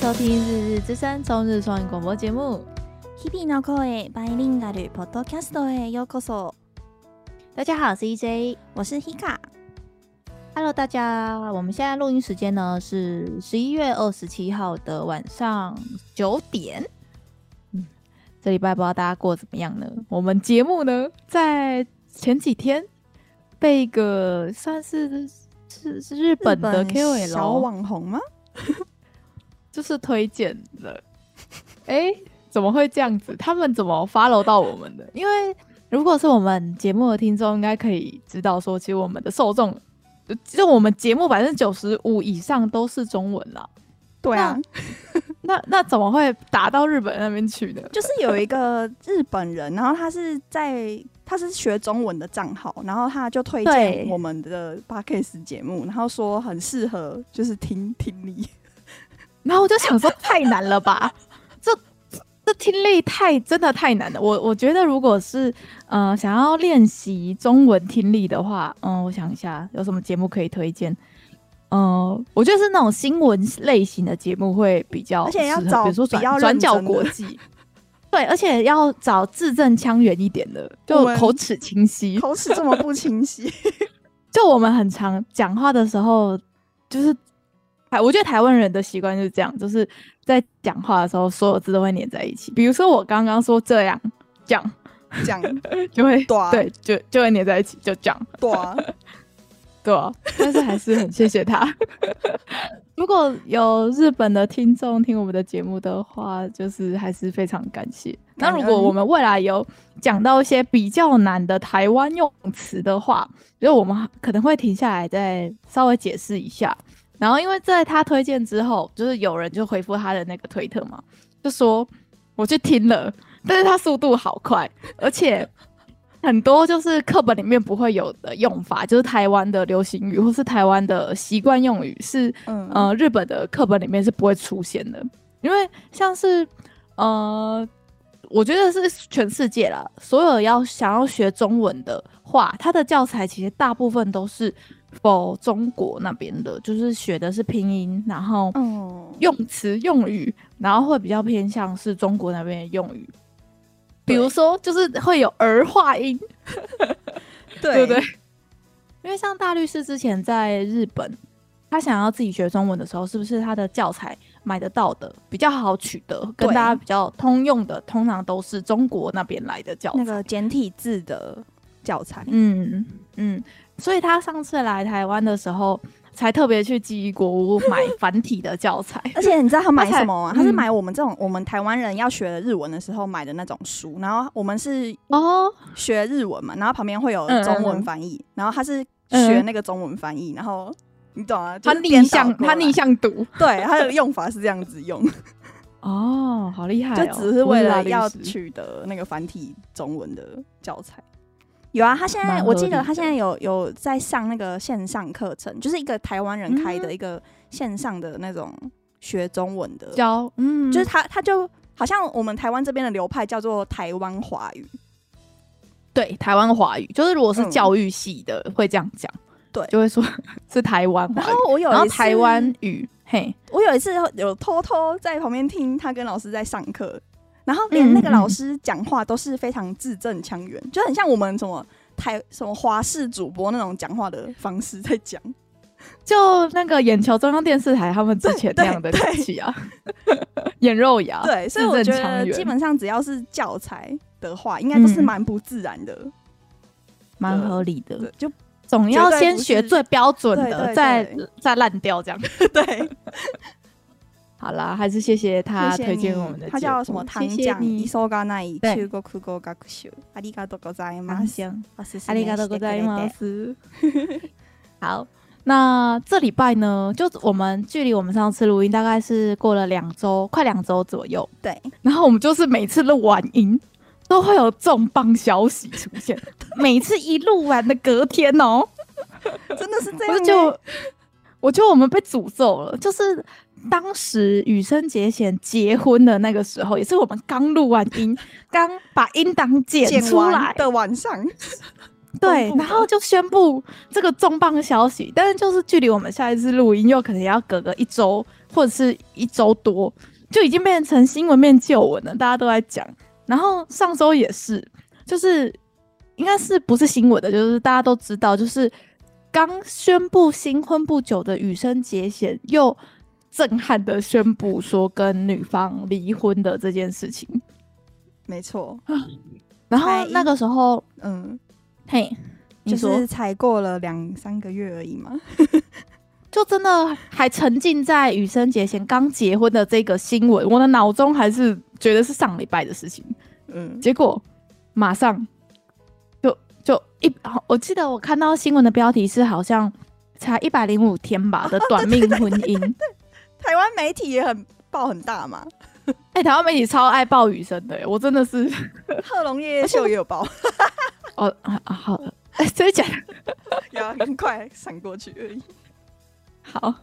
收聽日日之聲中日雙語廣播節目。日々の聲 by バイリンガルポッドキャストへようこそ。大家好，我是 EJ，我是 Hika。Hello 大家，我們現在錄音時間呢是十一月二十七號的晚上九點。嗯，這禮拜不知道大家過得怎麼樣呢？我們節目呢，在前幾天被一個算是是是日本的 KOL 小網紅嗎？ 就是推薦的。哎、欸，怎麼會這樣子？他們怎麼 follow 到我們的？因為如果是我們節目的聽眾，應該可以知道說，其實我們的受眾，就我們節目百分之九十五以上都是中文啦。對啊，那 那，那怎麼會打到日本那邊去的？就是有一個日本人，然後他是在他是學中文的賬號，然後他就推薦對我們的 Podcast 節目，然後說很適合就是聽聽力。然後我就想說，太難了吧？ 這這聽力太真的太難了。我我覺得，如果是、呃、想要練習中文聽力的話，嗯、呃，我想一下，有什麼節目可以推薦？嗯、呃，我覺得是那種新聞類型的節目會比較，而且要找比如說轉轉角國際。 對，而且要找字正腔圓一點的，就口齒清晰，口齒這麼不清晰， 就我們很常講話的時候，就是。哎，我覺得台灣人的習慣就是這樣，就是在講話的時候，所有字都會粘在一起。比如說我剛剛說這樣講講， 就會打對，就就會粘在一起，就講對啊，打 對啊。但是還是很謝謝他。 如果有日本的聽眾聽我們的節目的話，就是還是非常感謝。感恩那如果我們未來有講到一些比較難的台灣用詞的話，就我們可能會停下來再稍微解釋一下。然後，因為在他推薦之後，就是有人就回復他的那個推特嘛，就說我去聽了，但是他速度好快，而且很多就是課本裡面不會有的用法，就是台灣的流行語或是台灣的習慣用語，是嗯、呃，日本的課本裡面是不會出現的。因為像是呃，我覺得是全世界啦，所有要想要學中文的話，他的教材其實大部分都是。否，For 中國那邊的，就是學的是拼音，然後用詞用語，嗯、然後會比較偏向是中國那邊的用語，對比如說就是會有兒化音，對不 對？對，因為像大律師之前在日本，他想要自己學中文的時候，是不是他的教材買得到的比較好取得，對跟大家比較通用的，通常都是中國那邊來的教材，那個簡體字的教材，嗯嗯。嗯所以他上次來台灣的時候，才特別去紀伊國屋買繁體的教材。 而且你知道他買什麼嗎？他,嗯、他是買我們這種我們台灣人要學日文的時候買的那種書。然後我們是哦學日文嘛，然後旁邊會有中文翻譯。嗯嗯嗯然後他是學那個中文翻譯，嗯嗯嗯然後你懂啊？就是、他逆向他逆向讀， 對他的用法是這樣子用。 oh, 哦，好厲害！就只是為了要取得那個繁體中文的教材。有啊，他現在我記得他現在有有在上那個線上課程，就是一個台灣人開的一個線上的那種學中文的教，嗯，就是他他就好像我們台灣這邊的流派叫做台灣華語，對，台灣華語就是如果是教育系的，嗯，會這樣講，對，就會說是台灣，然後我有一次然後台灣語，嘿，我有一次有偷偷在旁邊聽他跟老師在上課。然後連那個老師講話都是非常字正腔圓，嗯嗯，就很像我們什麼台什麼華視主播那種講話的方式在講，就那個眼球中央電視台他們之前那樣的語氣啊，演肉牙，對，字正腔圓。所以我覺得基本上只要是教材的話，應該都是蠻不自然的，蠻、嗯、對合理的。對，就對總要先學最標準的，再再爛掉這樣，對。 好啦，還是謝謝他推薦我們的節目，謝謝。他叫什麼？湯醬。對。阿利嘎多哥在馬斯，阿斯。阿利嘎多哥在馬斯。好，那這禮拜呢，就我們距離我們上次錄音大概是過了兩週，快兩週左右。對。然後我們就是每次錄完音，都會有重磅消息出現。 對 每次一錄完的隔天哦， 真的是這樣、欸。就。我覺得我們被詛咒了，就是當時羽生結弦結婚的那個時候，也是我們剛錄完音，剛 把音檔剪出來的晚上。對，然後就宣布這個重磅消息，但是就是距離我們下一次錄音又可能要隔個一周或者是一周多，就已經變成新聞面舊聞了，大家都在講。然後上周也是，就是應該是不是新聞的，就是大家都知道，就是。剛宣布新婚不久的羽生結弦，又震撼的宣布說跟女方離婚的這件事情，沒錯。然後那個時候，嗯，嘿，就是才過了兩三個月而已嘛， 就真的還沉浸在羽生結弦剛結婚的這個新聞，我的腦中還是覺得是上禮拜的事情。嗯，結果馬上。就一，我記得我看到新聞的標題是好像差一百零五天吧的短命婚姻。哦、對對對對台灣媒體也很爆很大嘛。哎、欸，台灣媒體超愛報羽生的、欸，我真的是。賀瓏夜夜秀也有報。 哦，啊、好的，哎、欸，這樣要很快閃過去而已。好，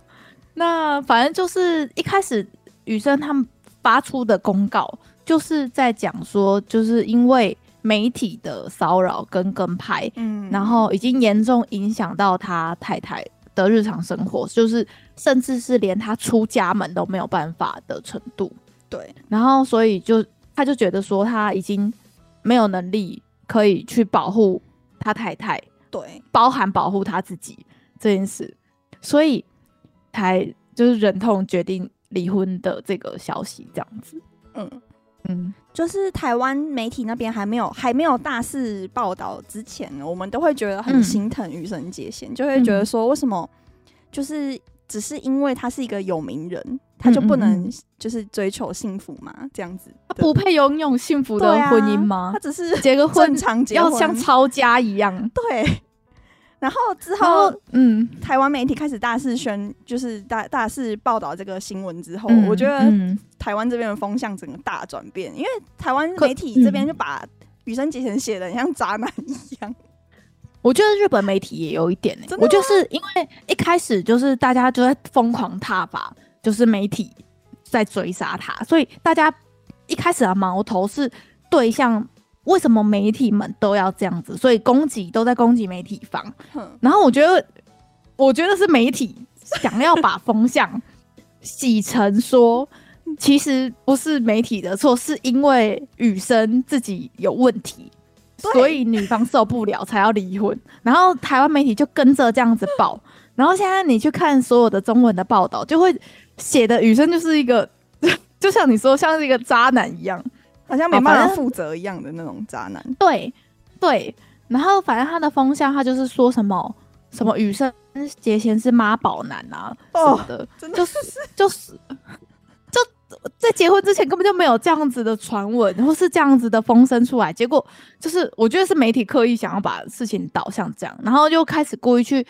那反正就是一開始羽生他們發出的公告，就是在講說，就是因為。媒體的騷擾跟跟拍，嗯，然後已經嚴重影響到他太太的日常生活，就是甚至是連他出家門都沒有辦法的程度。對，然後所以就他就覺得說他已經沒有能力可以去保護他太太，對，包含保護他自己這件事，所以才就是忍痛決定離婚的這個消息，這樣子，嗯。嗯，就是台灣媒體那邊還沒有還沒有大肆報道之前，我們都會覺得很心疼羽生結弦，嗯、就會覺得說，為什麼就是只是因為他是一個有名人，他就不能就是追求幸福嗎？嗯嗯這樣子，他不配擁有幸福的婚姻嗎？啊、他只是結，結個婚，正常結婚像抄家一樣，對。然後之後，哦、嗯，台灣媒體開始大肆宣，就是大大肆報道這個新聞之後，嗯、我覺得台灣這邊的風向整個大轉變，嗯、因為台灣媒體這邊就把羽生結弦寫的很像渣男一樣，嗯。我覺得日本媒體也有一點、欸，我就是因為一開始就是大家就在瘋狂撻伐，就是媒體在追殺他，所以大家一開始的、啊、矛頭是對象。為什麼媒體們都要這樣子？所以攻擊都在攻擊媒體方。嗯、然後我覺得，我覺得是媒體想要把風向洗成說， 其實不是媒體的錯，是因為羽生自己有問題，對所以女方受不了才要離婚。然後台灣媒體就跟着這樣子報。 然後現在你去看所有的中文的報道，就會寫的羽生就是一個，就像你說像是一個渣男一樣。好像沒辦法負責一樣的那種渣男、啊。對，對，然後反正他的風向，他就是說什麼什麼羽生結弦是媽寶男啊什麼的，哦、真的是就是就是就,就在結婚之前根本就沒有這樣子的傳聞，或是這樣子的風聲出來，結果就是我覺得是媒體刻意想要把事情導向這樣，然後就開始故意去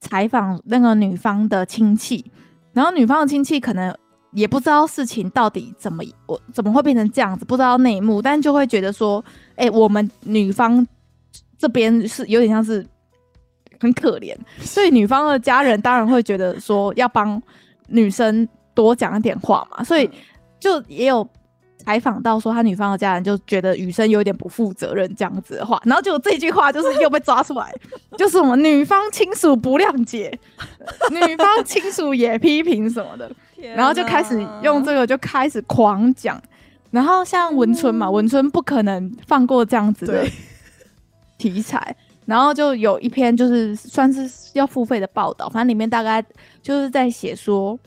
採訪那個女方的親戚，然後女方的親戚可能。也不知道事情到底怎麼，我怎麼會變成這樣子，不知道內幕，但就會覺得說，哎、欸，我們女方這邊是有點像是很可憐，所以女方的家人當然會覺得說要幫女生多講一點話嘛，所以就也有。採訪到說他女方的家人就覺得羽生有點不負責任這樣子的話，然後就結果這一句話就是又被抓出來， 就是什麼女方親屬不諒解， 女方親屬也批評什麼的，然後就開始用這個就開始狂講，然後像文春嘛，嗯、文春不可能放過這樣子的對 題材，然後就有一篇就是算是要付費的報道，反正裡面大概就是在寫說。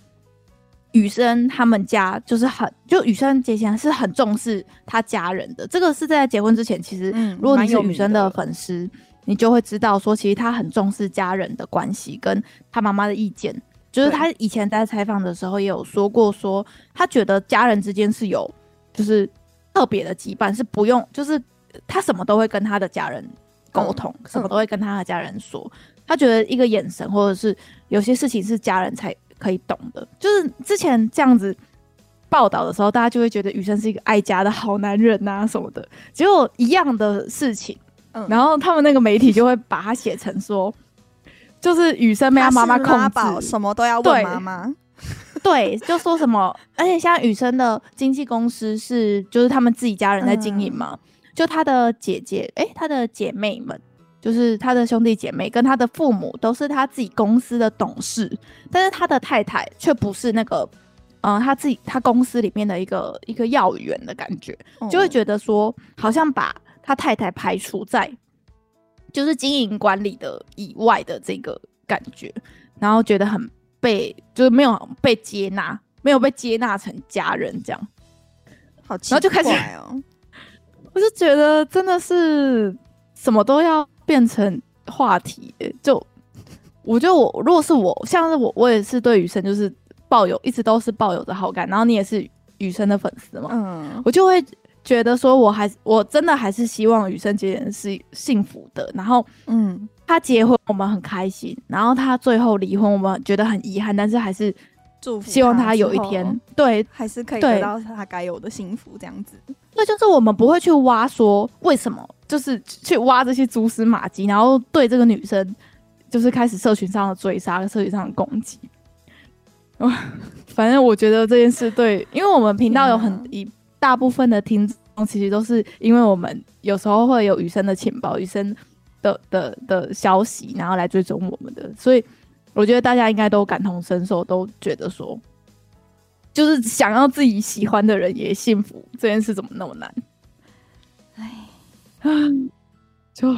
羽生他們家就是很，就羽生結弦是很重視他家人的。這個是在結婚之前，其實如果你是羽生的粉絲，嗯、你就會知道說，其實他很重視家人的關係，跟他媽媽的意見。就是他以前在採訪的時候也有說過說，說對他覺得家人之間是有就是特別的羈絆，是不用就是他什麼都會跟他的家人溝通，嗯嗯、什麼都會跟他的家人說。他覺得一個眼神或者是有些事情是家人才。可以懂的，就是之前這樣子報道的時候，大家就會覺得羽生是一個愛家的好男人吶、啊、什麼的。結果一樣的事情，嗯、然後他們那個媒體就會把他寫成說，就是羽生被他媽媽控制，對什麼都要問媽媽。對，就說什麼，而且像羽生的經紀公司是，就是他們自己家人在經營嘛，嗯、就他的姐姐，哎、欸，他的姐妹們。就是他的兄弟姐妹跟他的父母都是他自己公司的董事，但是他的太太却不是那個，呃他自己他公司裡面的一個一個要員的感覺，嗯，就會覺得說好像把他太太排除在就是經營管理的以外的這個感覺，然後覺得很被就是沒有被接納，沒有被接納成家人這樣，好奇怪哦，然後就開始，我就覺得真的是什麼都要。變成話題，就我覺得我如果是我，像是我，我也是對羽生就是抱有，一直都是抱有着好感。然後你也是羽生的粉絲嘛，嗯，我就會覺得說，我還我真的還是希望羽生結弦是幸福的。然後，嗯，他結婚我們很開心，然後他最後離婚我們覺得很遺憾，但是還是祝福，希望他有一天對，還是可以得到他該有的幸福這樣子。所以就是我們不會去挖說為什麼。就是去挖這些蛛絲馬跡，然後對這個女生，就是開始社群上的追殺和社群上的攻擊。 反正我覺得這件事對，因為我們頻道有很一、啊、大部分的聽眾，其實都是因為我們有時候會有羽生的情報、羽生的的的、的消息，然後來追蹤我們的，所以我覺得大家應該都感同身受，都覺得說，就是想要自己喜歡的人也幸福這件事怎麼那麼難？哎。嗯， 就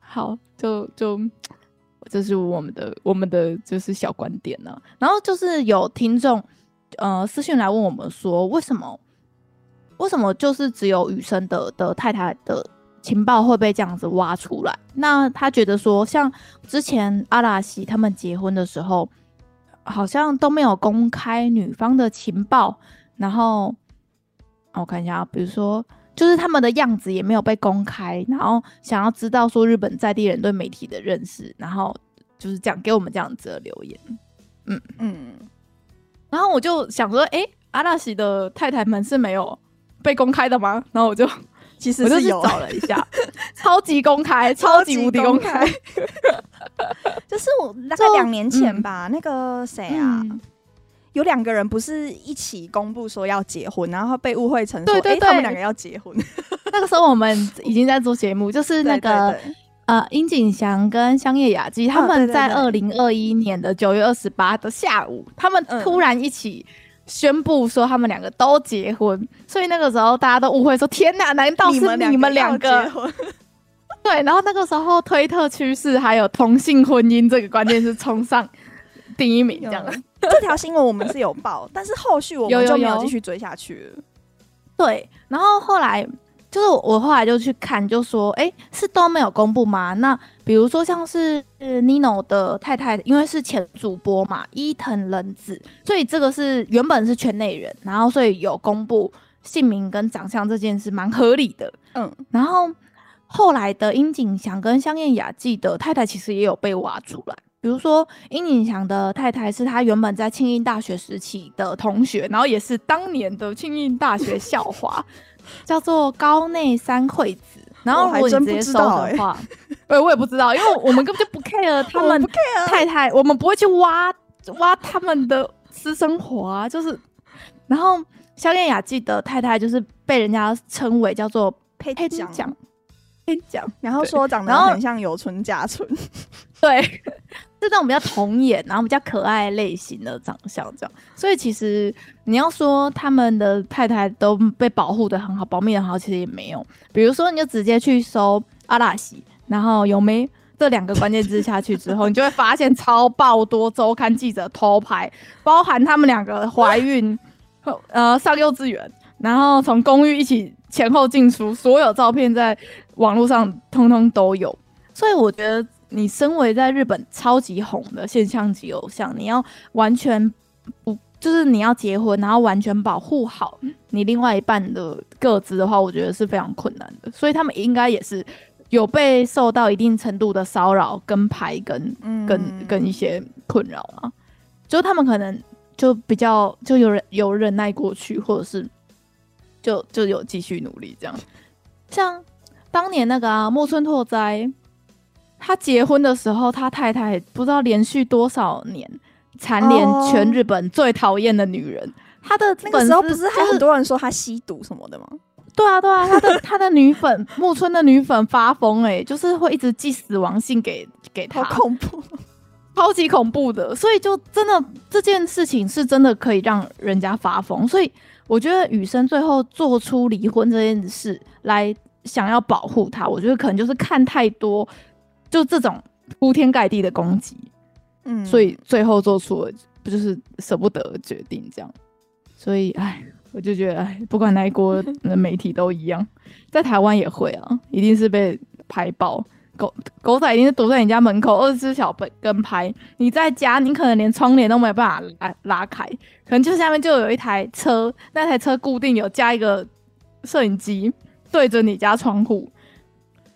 好，就就，這是我們的我們的就是小觀點呢、啊。然後就是有聽眾呃私信來問我們說，為什麼為什麼就是只有羽生的的太太的情報會被這樣子挖出來？那他覺得說，像之前阿拉西他們結婚的時候，好像都沒有公開女方的情報。然後、啊、我看一下，比如說。就是他們的樣子也沒有被公開，然後想要知道說日本在地人對媒體的認識，然後就是講給我們這樣子的留言，嗯嗯，然後我就想說，哎、欸，阿拉西的太太們是沒有被公開的嗎？然後我就其實是就是找了一下， 超級公開，超級無敵公，公開，就是我在兩年前吧，嗯、那個誰啊？嗯有兩個人不是一起公布說要結婚，然後被誤會成說對對對、欸、他們兩個要結婚。那個時候我們已經在做節目， 就是那個對對對呃，櫻井翔跟相葉雅紀，他們在二零二一年的九月二十八的下午，哦、對對對，他們突然一起宣布說他們兩個都結婚，嗯、所以那個時候大家都誤會說天哪，難道是你們兩個？對，然後那個時候推特趨勢還有同性婚姻這個關鍵字衝上第一名，這樣。 這條新聞我們是有報， 但是後續我們就沒有繼續追下去了。有有有。對，然後後來就是我後來就去看，就說，哎、欸，是都沒有公布嗎？那比如說像是 Nino 的太太，因為是前主播嘛，伊藤仁子，所以這個是原本是圈內人，然後所以有公布姓名跟長相這件事，蠻合理的。嗯，然後後來的櫻井翔跟相葉雅紀的太太，其實也有被挖出來。比如說，英俊祥的太太是他原本在慶應大學時期的同學，然後也是當年的慶應大學校花， 叫做高內三惠子。然後的話我還真不知道誒、欸 欸，我也不知道，因為我們根本就不 care 他們太太，我，不 care 我們不會去挖挖他們的私生活啊。就是，然後肖艷雅記得太太就是被人家稱為叫做配配獎配獎，然後說長得很像有村架純後 對，這種比較童顏，然後比較可愛類型的長相，這樣，所以其實你要說他們的太太都被保護的很好，保密很好，其實也沒有。比如說，你就直接去搜阿拉西，然後有沒這兩個關鍵字下去之後， 你就會發現超爆多週刊記者偷拍，包含他們兩個懷孕， 呃，上幼稚園，然後從公寓一起前後進出，所有照片在網絡上通通都有。所以我覺得。你身為在日本超級紅的現象級偶像，你要完全不，就是你要結婚，然後完全保護好你另外一半的個資的話，我覺得是非常困難的。所以他們應該也是有被受到一定程度的騷擾、跟排、跟跟跟一些困擾啊。嗯、就他們可能就比較就有人有忍耐過去，或者是就就有繼續努力這樣。像當年那個啊、木村拓哉，他結婚的時候，他太太不知道連續多少年蟬聯全日本最討厭的女人。他、oh. 的、就是、那個時候不是還很多人說他吸毒什麼的嗎？對啊，對啊，對啊，他的他的女粉木 村的女粉發瘋哎、欸，就是會一直寄死亡信給給他，好恐怖，超級恐怖的。所以就真的這件事情是真的可以讓人家發瘋。所以我覺得羽生最後做出離婚這件事來，想要保護他，我覺得可能就是看太多。就這種鋪天蓋地的攻擊，嗯，所以最後做出了，不就是舍不得決定這樣，所以哎，我就覺得哎，不管哪一國的媒體都一樣， 在台灣也會啊，一定是被拍爆，狗狗仔，一定是躲在你家門口二十四小時跟拍。你在家，你可能連窗簾都沒有辦法拉拉開，可能就下面就有一台車，那台車固定有加一個攝影機對着你家窗戶，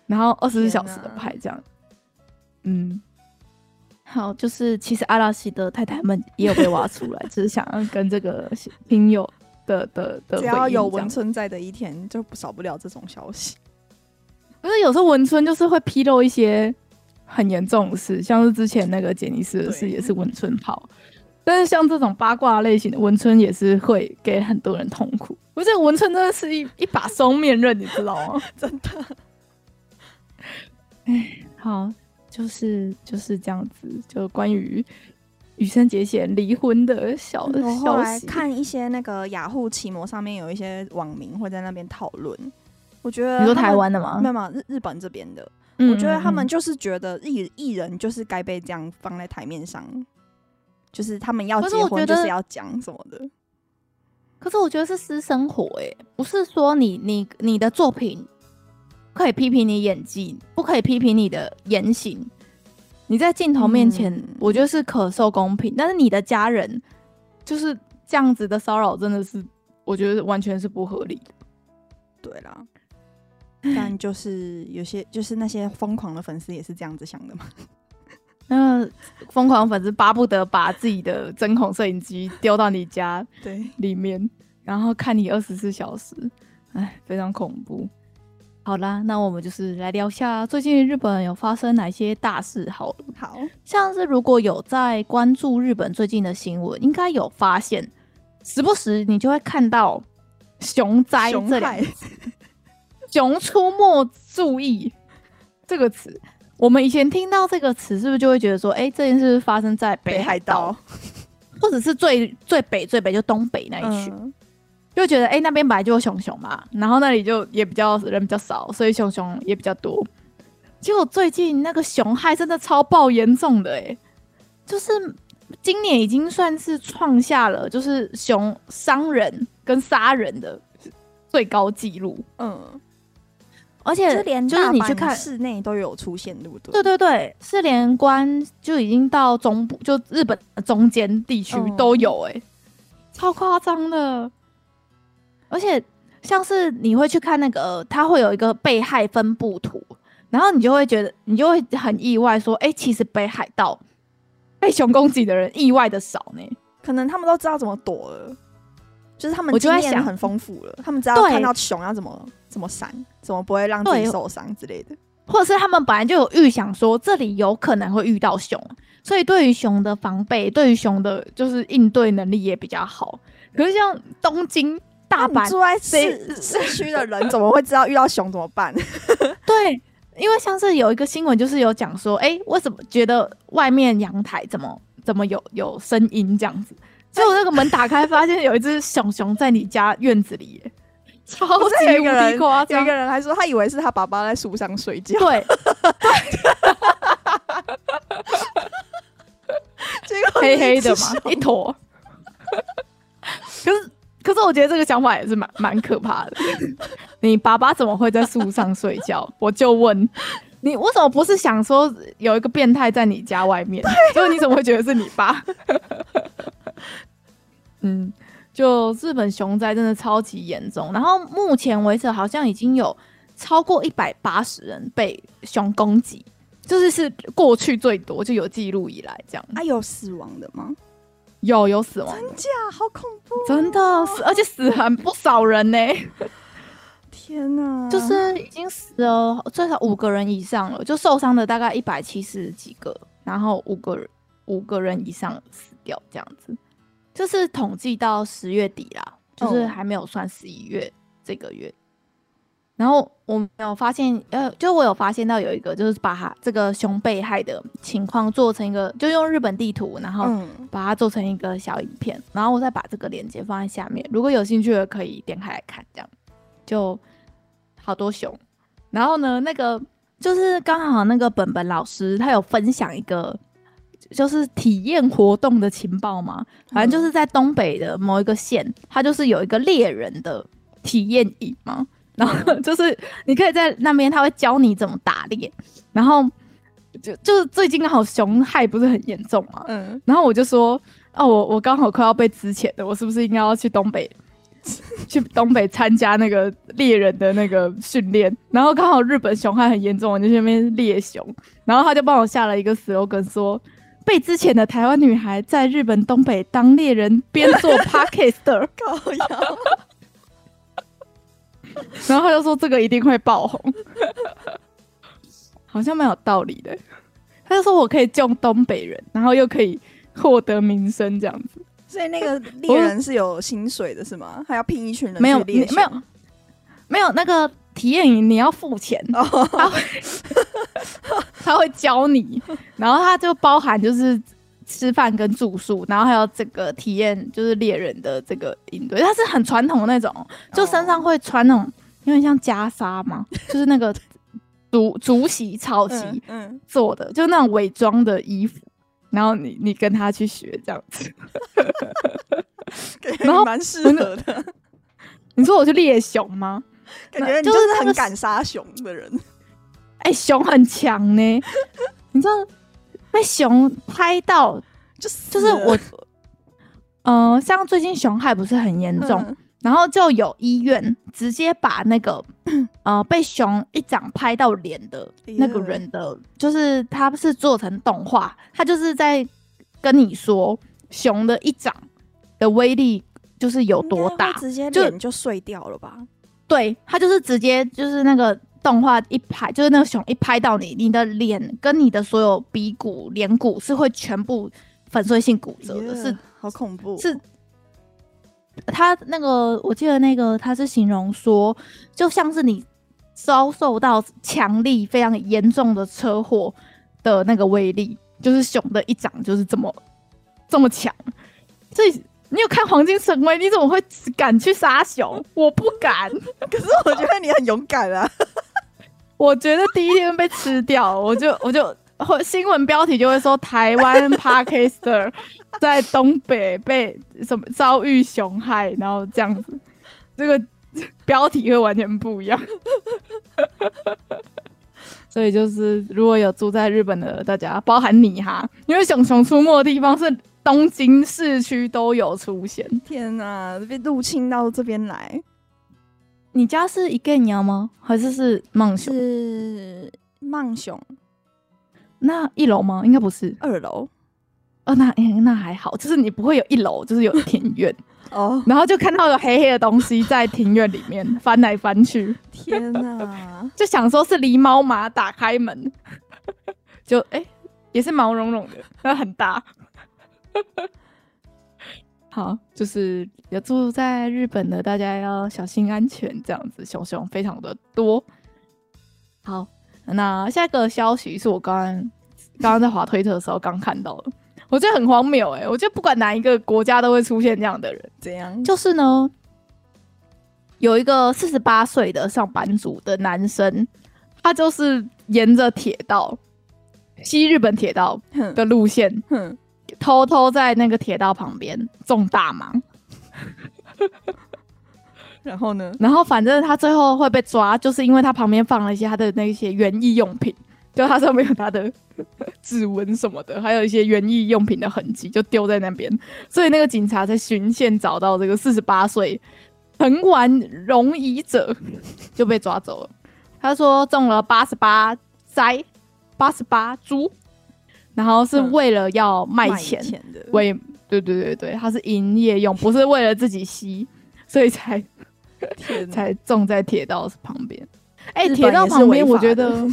然後二十四小時的拍這樣。嗯，好，就是其實阿拉西的太太們也有被挖出來，只 是想要跟這個朋友的的的。只要有文春在的一天，就少不了這種消息。不是有時候文春就是會披露一些很嚴重的事，像是之前那個傑尼斯的事也是文春砲。對但是像這種八卦類型的文春也是會給很多人痛苦。我覺得文春真的是一一把雙面刃， 你知道嗎？真的。哎、欸，好。就是就是這樣子，就關於羽生結弦離婚的小的時候，我後來看一些那個雅虎，ah、奇摩上面有一些網民會在那邊討論。我覺得，你說台灣的嗎？沒有嘛，日日本這邊的。嗯嗯嗯，我覺得他們就是覺得藝藝人就是該被這樣放在台面上，就是他們要結婚就是要講什麼的可。可是我覺得是私生活，欸，哎，不是說你你你的作品。不可以批評你演技，不可以批評你的言行。你在鏡頭面前，嗯、我覺得是可受公平。但是你的家人就是這樣子的騷擾，真的是我覺得完全是不合理的。對啦，但就是有些 就是那些瘋狂的粉絲也是這樣子想的嘛。那瘋狂粉絲巴不得把自己的針孔攝影機丟到你家對裡面，對然後看你二十四小時，哎，非常恐怖。好啦，那我們就是來聊一下最近日本有發生哪些大事好。好，好，像是如果有在關注日本最近的新聞，應該有發現，時不時你就會看到“熊災”這裡熊海。“熊出沒注意” 這個詞。 我們以前聽到這個詞，是不是就會覺得說，哎，這件事發生在北海道，北海道 或者是最最北最北就東北那一區？嗯就覺得哎、欸，那邊本來就有熊熊嘛，然後那裡就也比較人比較少，所以熊熊也比較多。結果最近那個熊害真的超爆嚴重的哎、欸，就是今年已經算是創下了就是熊傷人跟殺人的最高紀錄。嗯，而且就，就是你去看你室內都有出現，對不對？對對對，是連關就已經到中部，就日本、呃、中間地區都有哎、欸，嗯、超誇張的。而且，像是你會去看那個，它會有一個被害分布圖，然後你就會覺得，你就會很意外，說，哎，其實北海道被熊攻擊的人意外的少呢，可能他們都知道怎麼躲了，就是他們在想很豐富了，他們知道看到熊要怎麼對怎麼閃，怎麼不會讓自己受傷之類的，或者是他們本來就有預想說這裡有可能會遇到熊，所以對於熊的防備，對於熊的就是應對能力也比較好。可是像東京。大阪住在市西市區的人怎麼會知道遇到熊怎麼辦？ 對，因為像是有一個新聞，就是有講說，哎、欸，我怎麼覺得外面陽台怎麼怎麼有有聲音這樣子？結果那個門打開，發現有一只熊熊在你家院子裡耶，超級無敵誇張。有一，個有一個人還說他以為是他爸爸在樹上睡覺。對，這個黑黑的嘛，一坨。 可是。可是我覺得這個想法也是蠻蠻可怕的。 你爸爸怎麼會在樹上睡覺？ 我就問你，我怎麼不是想說有一個變態在你家外面？ 就你怎麼會覺得是你爸？ 嗯，就日本熊災真的超級嚴重，然後目前為止好像已經有超過一百八十人被熊攻擊，就是是過去最多就有記錄以來這樣。啊，有死亡的嗎？有有死亡，真假好恐怖、哦，真的死，而且死很不少人呢。 天哪，就是已經死了最少五個人以上了，就受傷的大概一百七十幾個，然後五個人五個人以上死掉這樣子，就是統計到十月底啦，就是還沒有算十一月這個月。然後我有發現，呃，就我有發現到有一個，就是把它這個熊被害的情況做成一個，就用日本地圖，然後把它做成一個小影片。嗯、然後我再把這個鏈接放在下面，如果有興趣的可以點開來看，這樣就好多熊。然後呢，那個就是剛好那個本本老師他有分享一個，就是體驗活動的情報嘛，嗯、反正就是在東北的某一個縣，他就是有一個獵人的體驗椅嘛。然後就是你可以在那邊，他會教你怎麼打獵。然後就就是最近剛好熊害不是很嚴重嘛，嗯。然後我就說，哦，我我剛好快要被資遣的，我是不是應該要去東北， 去東北參加那個獵人的那個訓練？ 然後剛好日本熊害很嚴重，我就去那邊獵熊。然後他就幫我下了一個 slogan，說被資遣的台灣女孩在日本東北當獵人，邊做 podcaster 高腰。 然後他就說這個一定會爆紅， 好像蠻有道理的。 他就說我可以救東北人，然後又可以獲得名聲，這樣子。所以那個獵人是有薪水的，是嗎？ 我還要聘一群人？沒有，沒有，沒有。那個體驗營你要付錢，oh. 他會 他會教你，然後他就包含就是。吃飯跟住宿，然後還有這個體驗，就是獵人的這個應對，它是很傳統的那種，就身上會穿那種，哦、有點像袈裟嘛， 就是那個竹竹席、草席做的，嗯嗯、就那種偽裝的衣服。然後你你跟他去學這樣子， 然後蠻適合的。 你說我去獵熊嗎？感覺 那你就是很敢殺熊的人。哎、欸，熊很強呢， 你知道？被熊拍到，就是死就是我， 呃，像最近熊害不是很嚴重，哼然後就有醫院直接把那個呃被熊一掌拍到臉的那個人的，哎、哼就是他是做成動畫，他就是在跟你說熊的一掌的威力就是有多大，直接臉就碎掉了吧？對，他就是直接就是那個。動畫一拍，就是那個熊一拍到你，你的臉跟你的所有鼻骨、臉骨是會全部粉碎性骨折的，yeah, 是好恐怖。是他那個，我記得那個他是形容說，就像是你遭受到強力、非常嚴重的車禍的那個威力，就是熊的一掌就是這麼這麼強。所以你有看《黃金神威》？你怎麼會敢去殺熊？我不敢。 可是我覺得你很勇敢啊。 我覺得第一天被吃掉， 我就我就會新聞標題就會說台灣 Podcaster 在東北被什麼遭遇熊害，然後這樣子，這個標題會完全不一樣。 所以就是如果有住在日本的大家，包含你哈，因為熊熊出沒的地方是東京市區都有出現。天哪、啊，被入侵到這邊來。你家是一個鳥嗎？還是是夢熊？是夢熊，那一樓嗎？應該不是二樓樓。哦，那哎、欸，那還好，就是你不會有一樓，就是有庭院哦。 然後就看到有黑黑的東西在庭院裡面 翻來翻去。天哪！ 就想說，是狸貓嘛，打開門，就哎、欸，也是毛茸茸的，那很大。 好，就是有住在日本的大家要小心安全，這樣子熊熊非常的多。好，那下一個消息是我剛剛剛在滑推特的時候剛看到的，我覺得很荒謬哎、欸，我覺得不管哪一個國家都會出現這樣的人，怎樣就是呢，有一個四十八歲的上班族的男生，他就是沿着鐵道，西日本鐵道的路線，哼。哼偷偷在那個鐵道旁邊種大麻， 然後呢，然後反正他最後會被抓，就是因為他旁邊放了一些他的那些園藝用品，就他上面有他的指紋什麼的，還有一些園藝用品的痕迹，就丟在那邊。所以那個警察在循線找到這個四十八歲藤丸容疑者，就被抓走了。他說中了八十八栽，八十八株。然後是為了要賣錢，嗯、賣錢的為對對對對，他是營業用，不是為了自己吸，所以才天哪呵呵才種在鐵道旁邊。哎日本，鐵道旁邊，我覺得，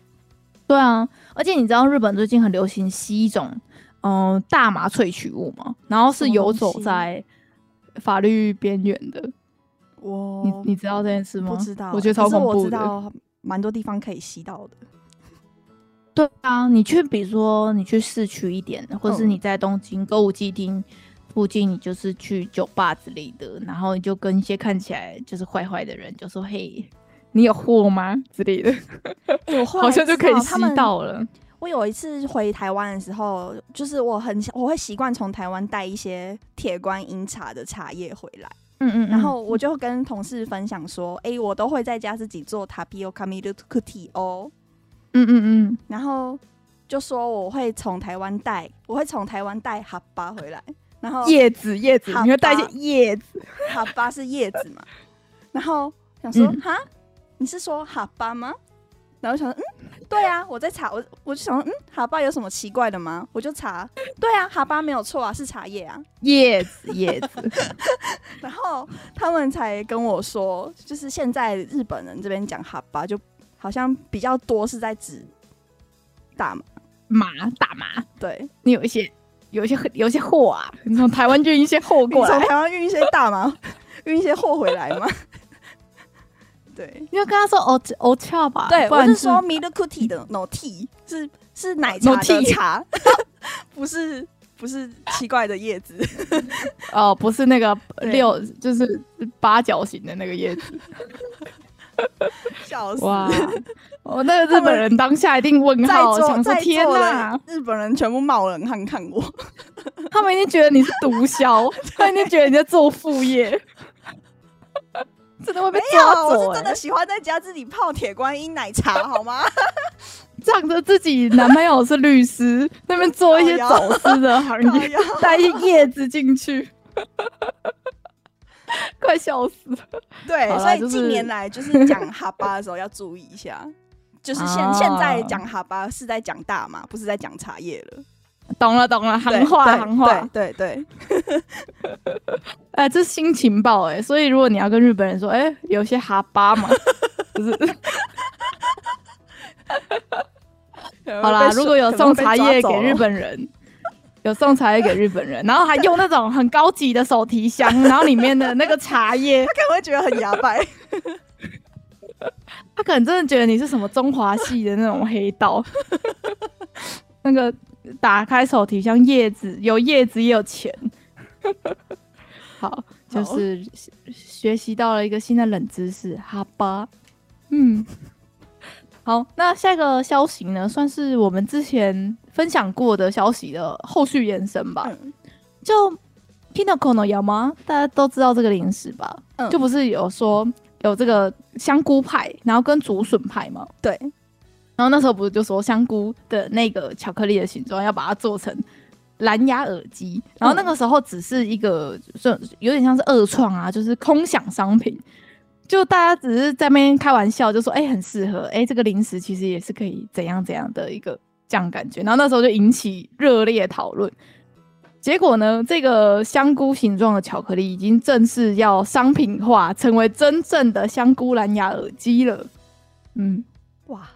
對啊，而且你知道日本最近很流行吸一種嗯、呃、大麻萃取物嗎？然後是遊走在法律邊緣的，哇。你你知道這件事嗎？我知道，我覺得超恐怖的。我知道，蠻多地方可以吸到的。對啊，你去比如說你去市區一點，或者是你在東京歌舞伎町附近，你就是去酒吧之類的，然後你就跟一些看起來就是壞壞的人就說：“嘿、hey，你有貨嗎？”之類的， 後 好像就可以吸到了他們。我有一次回台灣的時候，就是我很我會習慣從台灣帶一些鐵觀音茶的茶葉回來，嗯，嗯嗯，然後我就跟同事分享說：“哎、嗯欸，我都會在家自己做塔皮，我 i o k a m i k i e 哦。”嗯嗯嗯，然後就說我會從台灣帶，我會從台灣帶哈巴回來，然後葉子葉子，哈巴，你會帶些葉子，哈巴是葉子嘛？ 然後想說哈、嗯，你是說哈巴嗎？然後想說嗯，對啊，我在查我，我就想說嗯，哈巴有什麼奇怪的嗎？我就查，對啊，哈巴沒有錯啊，是茶葉啊，葉子葉子。葉子 然後他們才跟我說，就是現在日本人這邊講哈巴就。好像比較多是在指大麻，大麻。對，你有一些有一些有一些貨啊，你從台灣運一些貨過來，從 台灣運一些大麻，運 一些貨回來嗎？ 對，你就跟他說歐歐俏吧。對，不是我是說 milk tea 的 tea 是是奶茶茶 No tea. 不是不是奇怪的葉子哦、 呃，不是那個六，對就是八角形的那個葉子。 小哇笑死，哦！我那個日本人當下一定問號，在想說天哪！日本人全部冒冷汗看我， 他們一定覺得你是毒梟，對耶 他們一定覺得你在做副業， 真的會被抓，欸。我是真的喜歡在家自己泡鐵觀音奶茶，好嗎？ 仗着自己男朋友是律師， 那邊做一些走私的行業，帶一葉子進去。 快笑死了！對，所以近年來就是講哈巴的時候要注意一下，就是現現在講哈巴是在講大麻，不是在講茶葉了。懂了，懂了，行話，行話，對對對。哎，這是新情報哎！所以如果你要跟日本人說，哎，有些哈巴嘛，不是。好啦，如果有送茶葉給日本人。有送茶葉給日本人，然後還用那種很高級的手提箱， 然後裡面的那個茶葉，他可能會覺得很牙白？ 他可能真的覺得你是什麼中華系的那種黑道， 那個打開手提箱，葉子有葉子也有錢，好，好，就是學習到了一個新的冷知識，好吧，嗯。好，那下一個消息呢，算是我們之前分享過的消息的後續延伸吧。嗯、就きのこの山有嗎？大家都知道這個零食吧？嗯，就不是有說有這個香菇派，然後跟竹筍派嗎？對。然後那時候不是就說香菇的那個巧克力的形狀，要把它做成藍牙耳機。然後那個時候只是一個，就有點像是二創啊，就是空想商品。就大家只是在那邊開玩笑，就說哎、欸、很適合，哎、欸、這個零食其實也是可以怎樣怎樣的一個這樣感覺。然後那時候就引起熱烈討論，結果呢，這個香菇形狀的巧克力已經正式要商品化，成為真正的香菇藍牙耳機了。嗯，哇，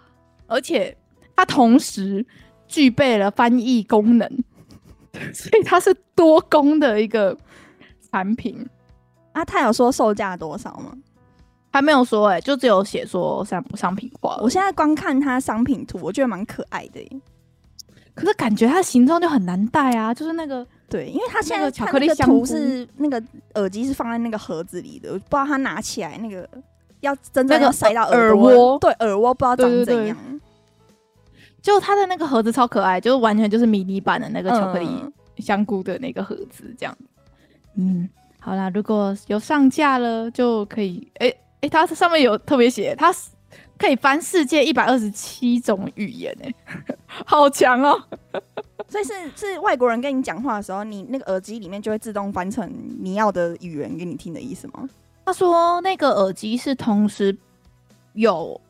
而且它同時具備了翻譯功能，所以 它是多功的一個產品。啊，他有說售價多少嗎？還沒有說哎、欸，就只有寫說商商品化。我現在光看它商品圖，我覺得蠻可愛的、欸。可是感覺它的形狀就很難戴啊，就是那個對，因為它現在巧克力香菇的圖是那個耳機是放在那個盒子裡的，我不知道它拿起來那個要真正要塞到耳窩，那個呃、耳對耳窩不知道長怎樣。對對對，就它的那個盒子超可愛，就是完全就是迷你版的那個巧克力香菇的那個盒子這樣。嗯，嗯，好啦，如果有上架了就可以哎。欸欸、它上面有特別寫，它可以翻世界一百二十七種語言呢、欸， 好強哦、喔！所以是是外國人跟你講話的時候，你那個耳機裡面就會自動翻成你要的語言給你聽的意思嗎？他說那個耳機是同時有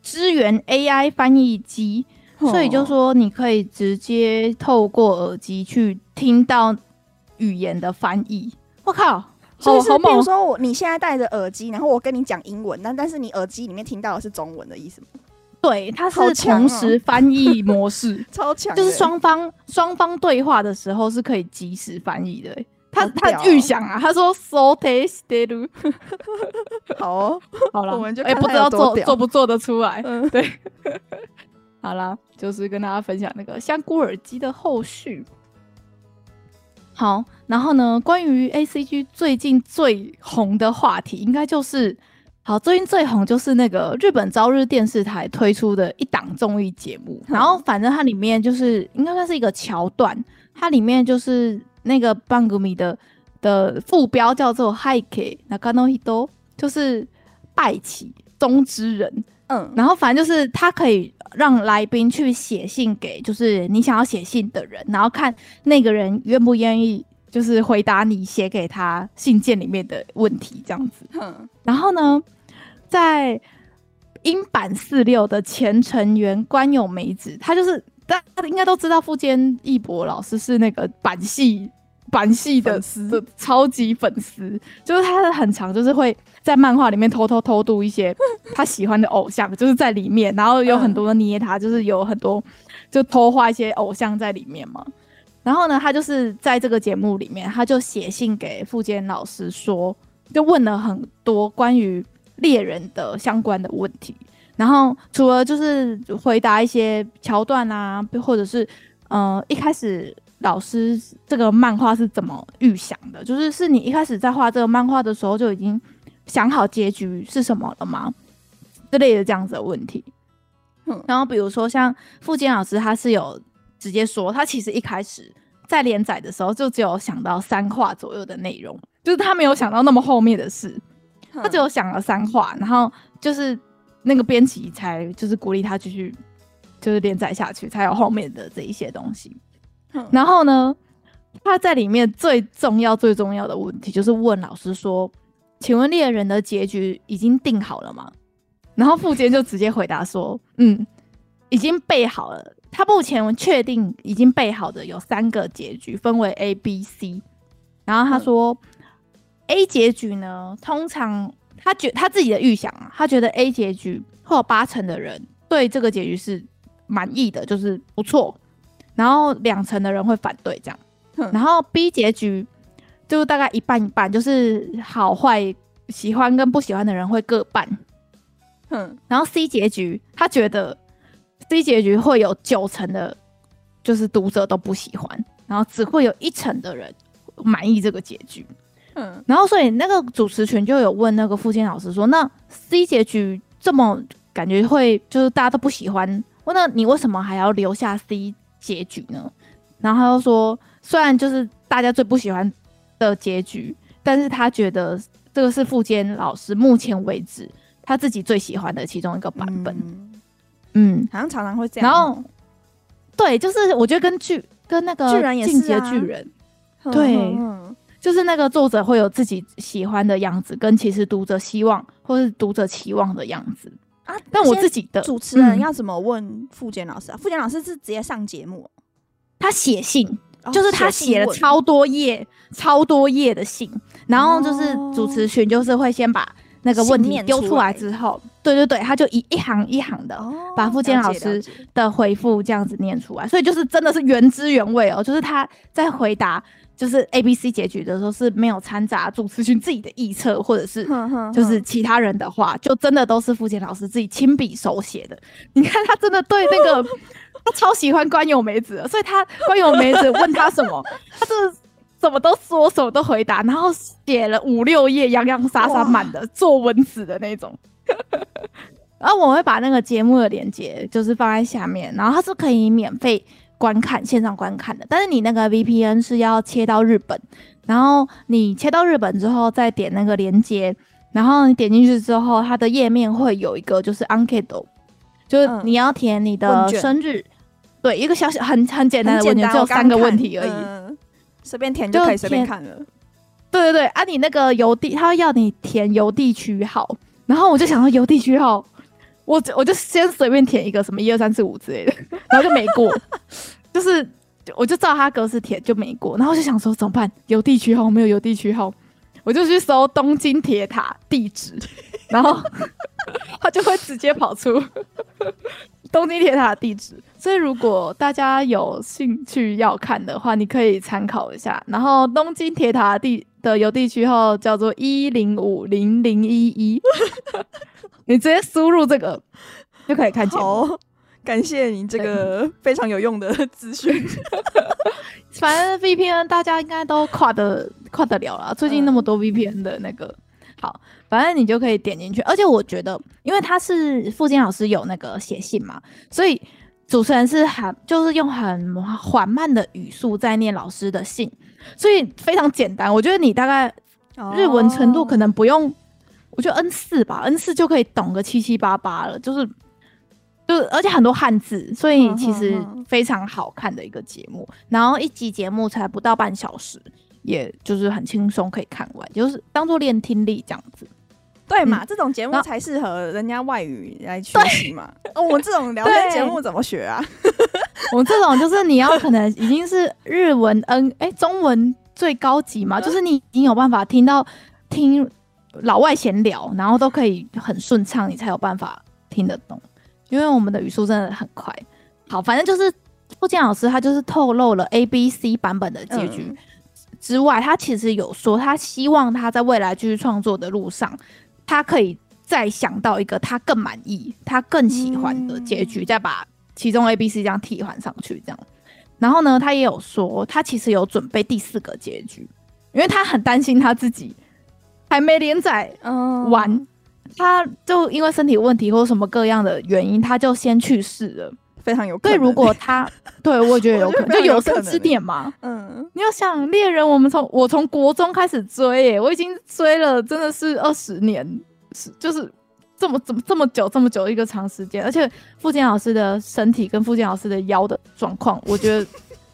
支援 AI 翻譯機，呵所以就說你可以直接透過耳機去聽到語言的翻譯。我靠！就是比如說，我你現在戴着耳機，然後我跟你講英文，但但是你耳機裡面聽到的是中文的意思嗎？對，它是同時翻譯模式，強喔、 超強、欸。就是雙方雙方對話的時候是可以即時翻譯的、欸喔他。他他預想啊，他說 s o u t é s t e l u 好、喔，好了啦， 我們就哎、 欸，不知道做做不做得出來。嗯、對，好了，就是跟大家分享那個香菇耳機的後續。好，然後呢，關於 A C G 最近最紅的話題，應該就是好，最近最紅就是那個日本朝日電視台推出的一檔綜藝節目。嗯、然後，反正它裡面就是應該算是一個橋段，它裡面就是那個番組的的副標叫做“海克那卡諾伊多”，就是拜啟中之人。然後反正就是他可以讓來賓去寫信給，就是你想要寫信的人，然後看那個人願不願意，就是回答你寫給他信件裡面的問題這樣子。嗯，然後呢，在櫻坂46的前成員關有美子，他就是大家應該都知道冨樫義博老師是那個板系，冨樫的絲超級粉絲，粉絲就是他的很常，就是會在漫畫裡面偷偷偷渡一些他喜歡的偶像， 就是在裡面，然後有很多捏他，嗯、就是有很多就偷畫一些偶像在裡面嘛。然後呢，他就是在這個節目裡面，他就寫信給冨樫老師說，就問了很多關於獵人的相關的問題。然後除了就是回答一些橋段啊，或者是嗯、呃、一開始。老師，這個漫畫是怎麼預想的？就是是你一開始在畫這個漫畫的時候就已經想好結局是什麼了嗎？之類的這樣子的問題。嗯，然後比如說像冨樫老師，他是有直接說，他其實一開始在連載的時候就只有想到三話左右的內容，就是他沒有想到那麼後面的事，嗯，他只有想了三話，然後就是那個編輯才就是鼓勵他繼續就是連載下去，才有後面的這一些東西。然後呢，他在裡面最重要最重要的問題就是問老師說：“請問獵人的結局已經定好了嗎？”然後冨樫就直接回答說：“嗯，已經備好了。他目前確定已經備好的有三個結局，分為 A、B、C。然後他說，嗯，A 結局呢，通常他覺他自己的預想啊，他覺得 A 結局會有八成的人對這個結局是滿意的，就是不錯。”然後兩層的人會反對這樣，哼然後 B 結局就大概一半一半，就是好壞喜歡跟不喜歡的人會各半。哼然後 C 結局他覺得 C 結局會有九成的，就是讀者都不喜歡，然後只會有一成的人滿意這個結局。嗯哼，然後所以那個主持群就有問那個冨樫老師說：“那 C 結局這麼感覺會就是大家都不喜歡，問那你為什麼還要留下 C？” 結局呢？然後他又說，雖然就是大家最不喜歡的結局，但是他覺得這個是冨樫老師目前為止他自己最喜歡的其中一個版本。嗯，嗯，好像常常會這樣。然後，對，就是我覺得跟巨跟那個巨人，巨人也是啊。巨人，對，呵呵呵，就是那個作者會有自己喜歡的樣子，跟其實讀者希望或是讀者期望的樣子。啊！但我自己的主持人要怎麼問冨樫老師啊？冨樫、嗯、老師是直接上節目、喔，他寫信，哦、就是他寫了超多頁、超多頁的信，然後就是主持群，就是會先把那個問題丟出來之後。哦對對對，他就一一行一行的把冨樫老師的回覆這樣子念出來，哦、所以就是真的是原汁原味哦，就是他在回答，就是 A B C 結局的時候是沒有摻雜主持人自己的臆測或者是就是其他人的話，呵呵呵，就真的都是冨樫老師自己親筆手寫的。你看他真的對那個他 超喜歡關友梅子、哦，所以他關友梅子問他什麼， 他是什麼都說，什麼都回答，然後寫了五六頁洋洋灑灑滿的作哇文紙的那種。 然後我會把那個節目的鏈接，就是放在下面。然後它是可以免費觀看，線上觀看的，但是你那個 VPN 是要切到日本。然後你切到日本之後，再點那個鏈接，然後你點進去之後，它的頁面會有一個就是アンケート，就是你要填你的生日。嗯、對，一個小，小很很簡單的問卷，只有三個問題而已，呃，隨便填就可以隨便看了。對對對，啊，你那個郵地，它要你填郵遞區號。然後我就想說郵遞區號、哦，我就我就先隨便填一個什麼一二三四五之類的，然後就沒過， 就是我就照他格式填就沒過。然後就想說怎麼辦？有地區號、哦、沒有？有地區號、哦，我就去搜東京鐵塔地址，然後 他就會直接跑出東京鐵塔地址。所以如果大家有興趣要看的話，你可以參考一下。然後東京鐵塔地。的郵遞區號叫做一零五零零一一， 你直接輸入這個就可以看見哦。感謝你這個非常有用的資訊。對 反正 VPN 大家應該都跨的，跨得了了，最近那麼多 VPN 的那個，嗯、好，反正你就可以點進去。而且我覺得，因為他是冨樫老師有那個寫信嘛，所以主持人是很就是用很緩慢的語速在念老師的信。所以非常簡單，我覺得你大概日文程度可能不用，哦、我覺得 N4 吧，N4 就可以懂個七七八八了。就是，就是，而且很多漢字，所以其實非常好看的一個節目。然後一集節目才不到半小時，也就是很輕鬆可以看完，就是當做練聽力這樣子。對嘛，嗯、這種節目才適合人家外語來學習嘛 對、哦。我這種聊天節目怎麼學啊？對 我 這種就是你要可能已經是日文 N 哎、欸、中文最高級嘛， 就是你已經有辦法聽到聽老外閒聊，然後都可以很順暢，你才有辦法聽得懂。因為我們的語速真的很快。好，反正就是冨樫老師，他就是透露了 A B C 版本的結局之外，嗯、他其實有說，他希望他在未來繼續創作的路上，他可以再想到一個他更滿意、他更喜歡的結局，再、嗯、把，其中 A、B、C 這樣替換上去，這樣，然後呢，他也有說，他其實有準備第四個結局，因為他很擔心他自己還沒連載完，他就因為身體問題或者什麼各樣的原因，他就先去世了，非常有可能。如果他 對，我也覺得有可能，就有生之年嘛。嗯，你要想獵人，我們從我從國中開始追，欸，我已經追了，真的是二十年，是就是。.怎麼怎麼這麼久，這麼久一個長時間，而且冨樫老師的身體跟冨樫老師的腰的狀況，我覺得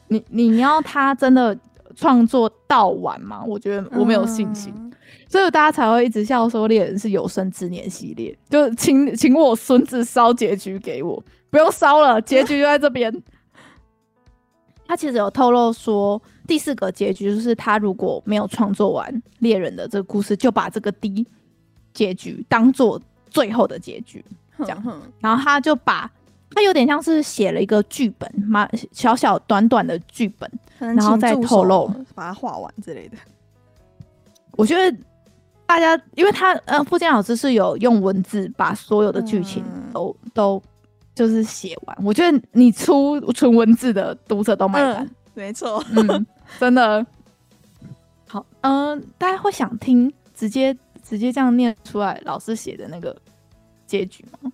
你 你，你要他真的創作到完嗎？我覺得我沒有信心，嗯、所以大家才會一直笑說獵人是有生之年系列，就請請我孫子燒結局給我，不用燒了，結局就在這邊。 他其實有透露說，第四個結局就是他如果沒有創作完獵人的這個故事，就把這個 D 結局當做。最後的結局，這樣，哼哼然後他就把，他有點像是寫了一個劇本，嘛，小小短短的劇本，然後再透露，把它畫完之類的。我覺得大家，因為他，嗯，冨樫老師是有用文字把所有的劇情都、嗯、都就是寫完。我覺得你出純文字的讀者都買單、呃，沒錯，嗯、 真的好，嗯、呃，大家會想聽，直接。直接這樣念出來，老師寫的那個結局嘛，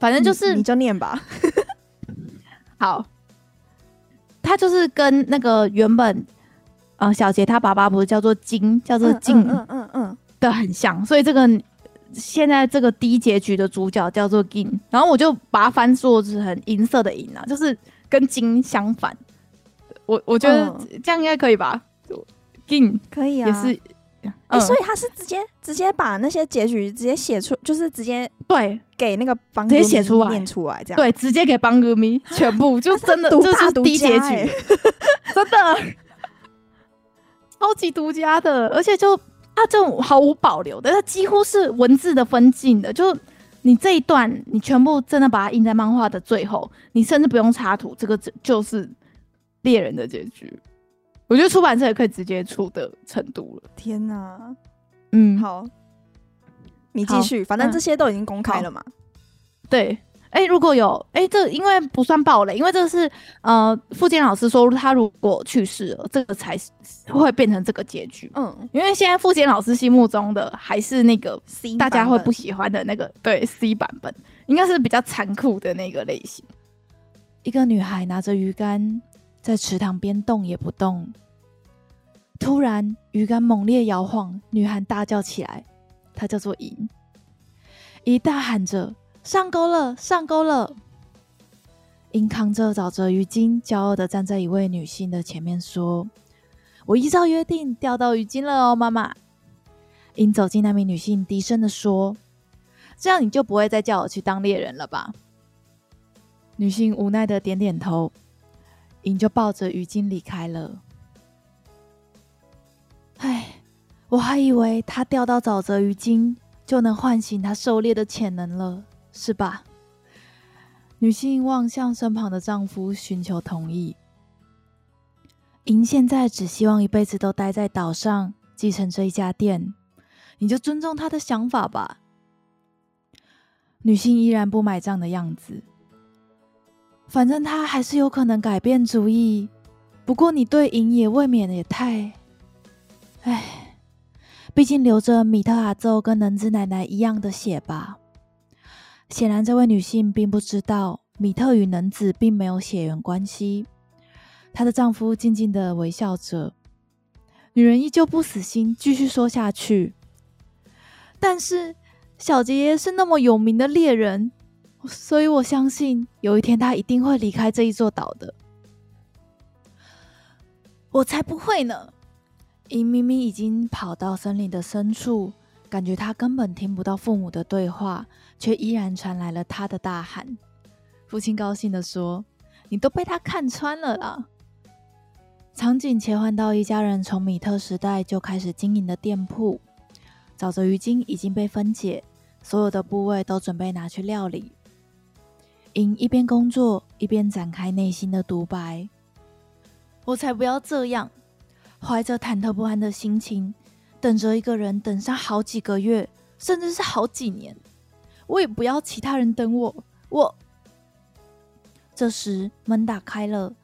反正就是你，你就念吧。 好，他就是跟那個原本，呃、小傑他爸爸不是叫做金，叫做金，嗯嗯的很像，所以這個現在這個 D 結局的主角叫做金。然後我就把它翻做很銀色的銀啊，就是跟金相反。我我覺得這樣應該可以吧？嗯、金可以啊，嗯欸、所以他是直接直接把那些結局直接寫出，就是直接對給那個番組直接寫出來念出來這樣，對，直接給番組全部、啊、就真的就是、D、結局， 真的 超級獨家的，而且就他這種毫無保留的，他幾乎是文字的分鏡的，就你這一段你全部真的把它印在漫畫的最後，你甚至不用插圖，這個就是獵人的結局。我覺得出版社也可以直接出的程度了。天哪，嗯，好，你繼續，好反正這些都已經公開了嘛。嗯、對，哎，如果有，哎，這因為不算暴雷，因為這個是呃，冨樫老師說他如果去世了，這個才會變成這個結局。嗯，因為現在冨樫老師心目中的還是那個大家會不喜歡的那個 C 對 C 版本，應該是比較殘酷的那個類型。一個女孩拿着魚竿在池塘邊動也不動。突然，魚竿猛烈搖晃，女孩大叫起來：“她叫做銀。”銀大喊着：“上鈎了，上鈎了！”銀扛着沼澤魚精，驕傲的站在一位女性的前面，說：“我依照約定釣到魚精了哦，媽媽。”銀走近那名女性，低聲的說：“這樣你就不會再叫我去當獵人了吧？”女性無奈的點點頭。銀就抱着魚精離開了。哎，我還以為他釣到沼澤魚精就能喚醒他狩獵的潛能了，是吧？女性望向身旁的丈夫，尋求同意。銀現在只希望一輩子都待在島上，繼承這一家店。你就尊重他的想法吧。女性依然不買賬的樣子。反正他還是有可能改變主意，不過你對贏也未免也太……哎，畢竟流着米特阿奏跟能子奶奶一樣的血吧。顯然，這位女性並不知道米特與能子並沒有血緣關係。她的丈夫靜靜地微笑着，女人依舊不死心，繼續說下去。但是小杰是那麼有名的獵人。所以，我相信有一天他一定會離開這一座島的。我才不會呢！因明明已經跑到森林的深處，感覺他根本聽不到父母的對話，卻依然傳來了他的大喊。父親高興地說：“你都被他看穿了啦！”場景切換到一家人從米特時代就開始經營的店鋪，沼澤魚精已經被分解，所有的部位都準備拿去料理。因一邊工作一邊展開內心的獨白，我才不要這樣！懷着忐忑不安的心情，等着一個人等上好幾個月，甚至是好幾年，我也不要其他人等我。我這時門打開了，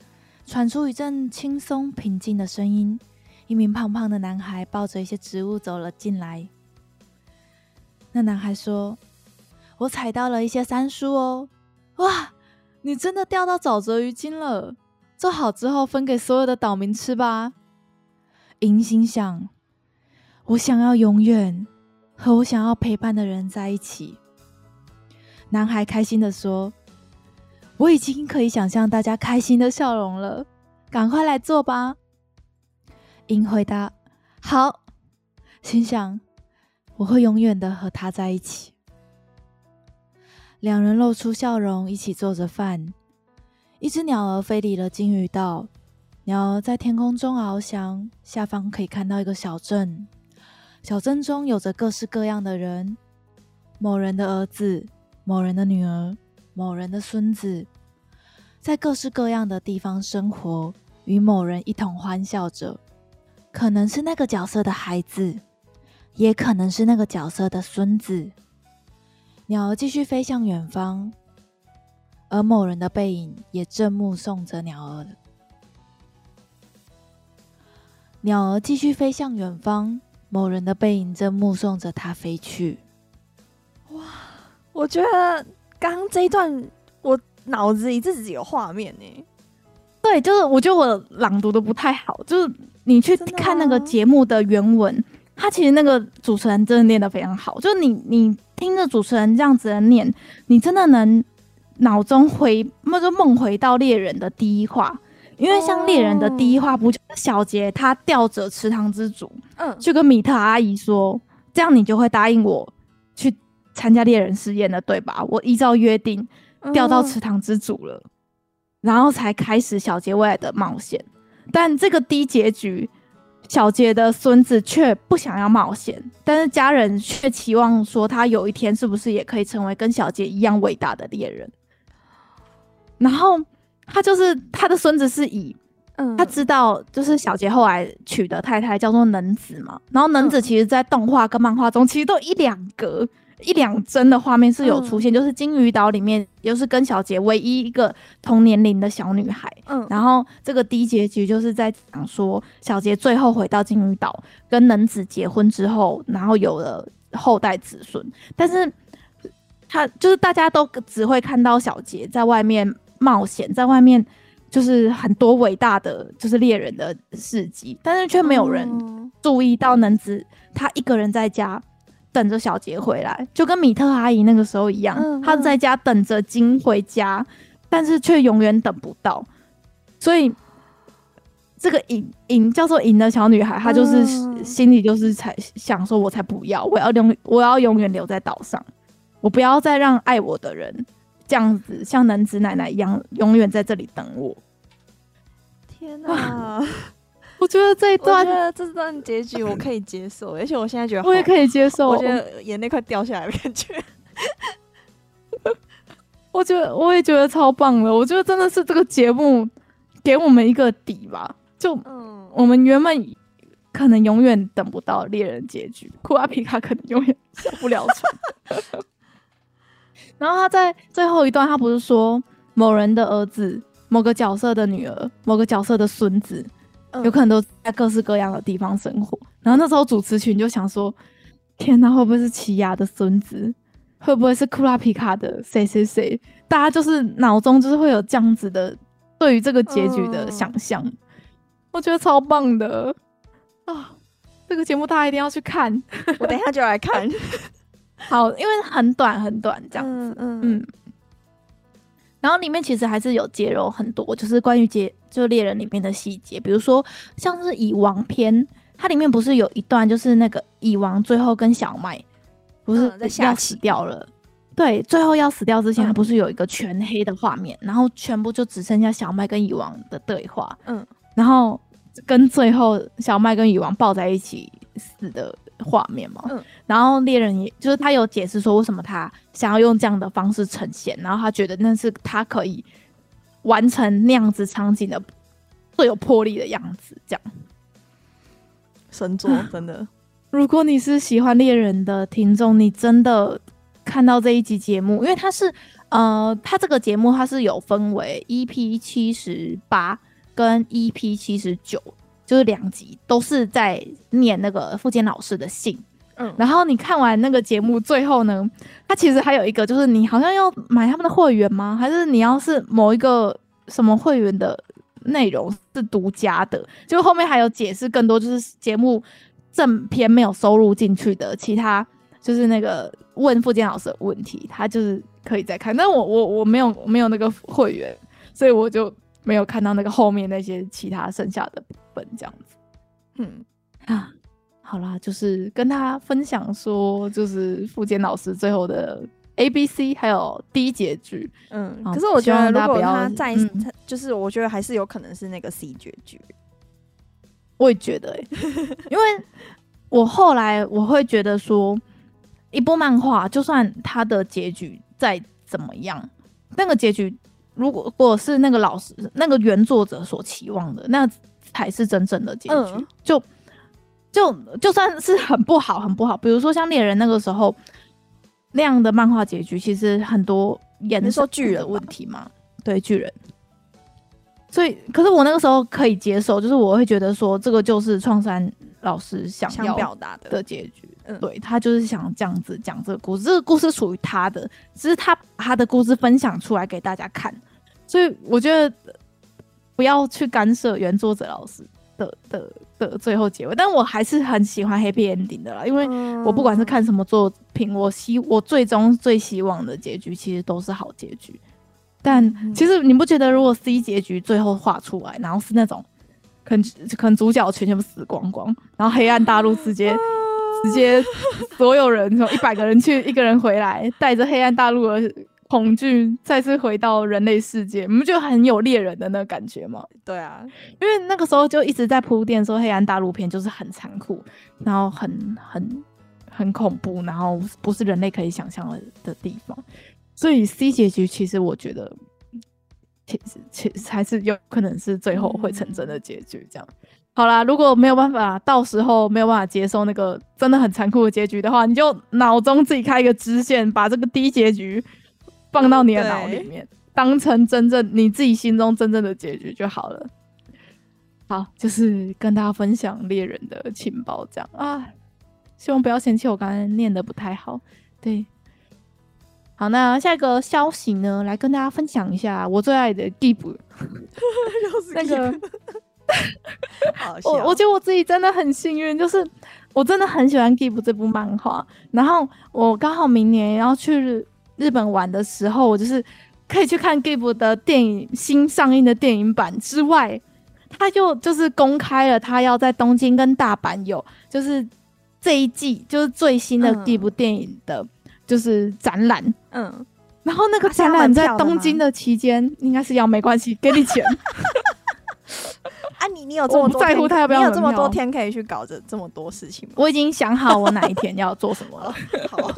傳出一陣輕鬆平靜的聲音。一名胖胖的男孩抱着一些植物走了進來。那男孩說：“我採到了一些三叔哦。”哇，你真的釣到沼澤魚精了！做好之後分給所有的島民吃吧。銀心想：我想要永遠和我想要陪伴的人在一起。男孩開心地說：“我已經可以想象大家開心的笑容了，趕快來做吧。”銀回答：“好。”心想：我會永遠的和他在一起。兩人露出笑容，一起做着飯。一只鳥兒飛離了鯨魚島，鳥兒在天空中翱翔，下方可以看到一個小鎮。小鎮中有着各式各樣的人：某人的兒子、某人的女兒、某人的孫子，在各式各樣的地方生活，與某人一同歡笑着。可能是那個角色的孩子，也可能是那個角色的孫子。鳥兒繼續飛向遠方，而某人的背影也正目送着鳥兒。鳥兒繼續飛向遠方，某人的背影正目送着他飛去。哇，我覺得剛剛這一段，我腦子裡自己有畫面耶。對，就是我覺得我朗讀得不太好，就是你去看那個節目的原文。他其實那個主持人真的念得非常好，就是你你聽着主持人這樣子的念，你真的能腦中回，那就夢回到獵人的第一話，因為像獵人的第一話、哦、不就是小傑他吊着池塘之主，嗯，去跟米特阿姨說，這樣你就會答應我去參加獵人試驗了，對吧？我依照約定吊到池塘之主了，然後才開始小傑未來的冒險，但這個 D 結局。小杰的孫子卻不想要冒險，但是家人卻期望說他有一天是不是也可以成為跟小杰一樣偉大的獵人。然後他就是他的孫子是以，嗯、他知道就是小杰後來娶的太太叫做能子嘛，然後能子其實，在動畫跟漫畫中、嗯、其實都有一兩格一兩幀的畫面是有出現，嗯、就是《鯨魚島》裡面又、就是跟小杰唯一一個同年齡的小女孩。嗯，然後這個 D 結局，就是在講說，小杰最後回到鯨魚島跟能子結婚之後，然後有了後代子孫。但是他，他就是大家都只會看到小杰在外面冒險，在外面就是很多偉大的就是獵人的事跡，但是卻沒有人注意到能子、嗯、他一個人在家。等着小杰回來，就跟米特阿姨那個時候一樣，她在家等着金回家，嗯嗯、但是卻永遠等不到。所以，這個影影叫做影的小女孩，她就是、嗯、心裡就是才想說，我才不要，我要永我要永遠留在島上，我不要再讓愛我的人這樣子，像男子奶奶一樣，永遠在這裡等我。天哪！我覺得這一段，我覺得這段結局我可以接受， 而且我現在覺得我也可以接受。 我覺得眼淚快掉下來感覺，我覺得我也覺得超棒了。我覺得真的是這個節目給我們一個底吧，就、嗯、我們原本可能永遠等不到獵人結局，庫拉皮卡可能永遠下不了床 然後他在最後一段，他不是說某人的兒子、某個角色的女兒、某個角色的孫子。有可能都在各式各樣的地方生活，然後那時候主持群就想說：“天吶，會不會是奇犽的孫子？會不會是庫拉皮卡的誰誰誰？”大家就是腦中就是會有這樣子的對於這個結局的想象，嗯、我覺得超棒的啊！這個節目大家一定要去看， 我等一下就來看。 好，因為很短很短，這樣子，嗯嗯。嗯嗯然後裡面其實還是有揭露很多，就是關於接就獵人裡面的細節，比如說像是蟻王篇，它裡面不是有一段就是那個蟻王最後跟小麥，不是、嗯、要死掉了，對，最後要死掉之前，還不是有一個全黑的畫面，嗯、然後全部就只剩下小麥跟蟻王的對話，嗯，然後跟最後小麥跟蟻王抱在一起死的畫面嘛，嗯、然後獵人也就是他有解釋說為什麼他想要用這樣的方式呈現，然後他覺得那是他可以完成那樣子場景的最有魄力的樣子。這樣。神作，真的！ 如果你是喜歡獵人的聽眾，你真的看到這一集節目，因為他是呃，他這個節目它是有分為 EP 七十八跟 EP 七十九。就是兩集都是在念那個冨樫老師的信，嗯，然後你看完那個節目最後呢，他其實還有一個，就是你好像要買他們的會員嗎？還是你要是某一個什麼會員的內容是獨家的，就後面還有解釋更多，就是節目正片沒有收錄進去的，其他就是那個問冨樫老師的問題，他就是可以再看，但我我我沒有我沒有那個會員，所以我就。沒有看到那個後面那些其他剩下的部分這樣子，嗯啊，好啦，就是跟他分享說，就是冨樫老師最後的 A、B、C 還有 D 結局，嗯，可是我覺得、哦、如果他在、嗯、在，就是我覺得還是有可能是那個 C 結局，我也覺得哎、欸， 因為我後來我會覺得說，一部漫畫就算它的結局再怎麼樣，那個結局。如果果是那個老師、那個原作者所期望的，那才是真正的結局。嗯、就就就算是很不好、很不好。比如說像獵人那個時候那樣的漫畫結局，其實很多也是說巨人問題嘛。嗯、對巨人，所以可是我那個時候可以接受，就是我會覺得說這個就是創山老師想要表達的結局。嗯，對，他就是想這樣子講這個故事，這個故事屬於他的，只是他把他的故事分享出來給大家看。所以我覺得不要去干涉原作者老師的的的最後結尾，但我還是很喜歡 happy ending 的啦，因為我不管是看什麼作品，我希我最終最希望的結局其實都是好結局。但其實你不覺得，如果 C 結局最後畫出來，然後是那種可能可能主角全全部死光光，然後黑暗大陸直接、啊、直接所有人從一百個人去 一個人回來，帶着黑暗大陸的。恐懼再次回到人類世界，你不覺得很有獵人的那個感覺嗎？對啊，因為那個時候就一直在鋪墊說黑暗大陸片就是很殘酷，然後很很很恐怖，然後不是人類可以想象的的地方。所以 C 結局其實我覺得，其實其實還是有可能是最後會成真的結局。這樣，好啦，如果沒有辦法，到時候沒有辦法接受那個真的很殘酷的結局的話，你就腦中自己開一個支線，把這個 D 結局。放到你的腦裡面，Okay 當成真正你自己心中真正的結局就好了。好，就是跟大家分享獵人的情報，這樣啊。希望不要嫌棄我剛才念的不太好。對，好，那下一個消息呢，來跟大家分享一下我最愛的《Gib》 那個 好笑。 我我覺得我自己真的很幸運，就是我真的很喜歡《Gib》這部漫畫，然後我剛好明年要去。日本玩的時候，我就是可以去看 Gib 的電影新上映的電影版之外，他就就是公開了他要在東京跟大阪有就是這一季就是最新的 Gib 電影的，就是展覽。嗯，然後那個展覽在東京的期間，嗯、應該是要沒關係，給你錢。 啊你，你你有這麼多在乎他要不要你有這麼多天可以去搞着這麼多事情嗎？我已經想好我哪一天要做什麼了。 好、啊。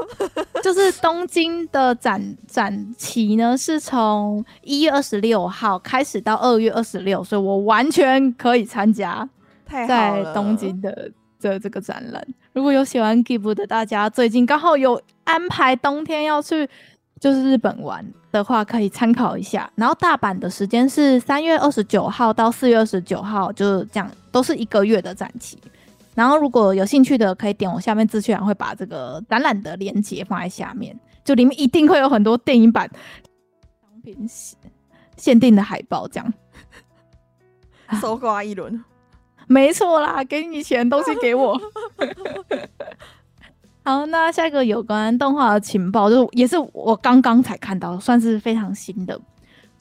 就是東京的展展期呢，是從一月二十六號開始到二月二十六，所以我完全可以參加在東京的的這個展覽。如果有喜歡 give 的大家，最近剛好有安排冬天要去就是日本玩的話，可以參考一下。然後大阪的時間是三月二十九號到四月二十九號，就是這樣，都是一個月的展期。然後如果有興趣的，可以點我下面資訊欄會把這個展覽的鏈接放在下面，就裡面一定會有很多電影版商品限定的海報，這樣搜刮一輪，沒錯啦，給你錢東西給我。好，那下一個有關動畫的情報，就是也是我剛剛才看到，算是非常新的，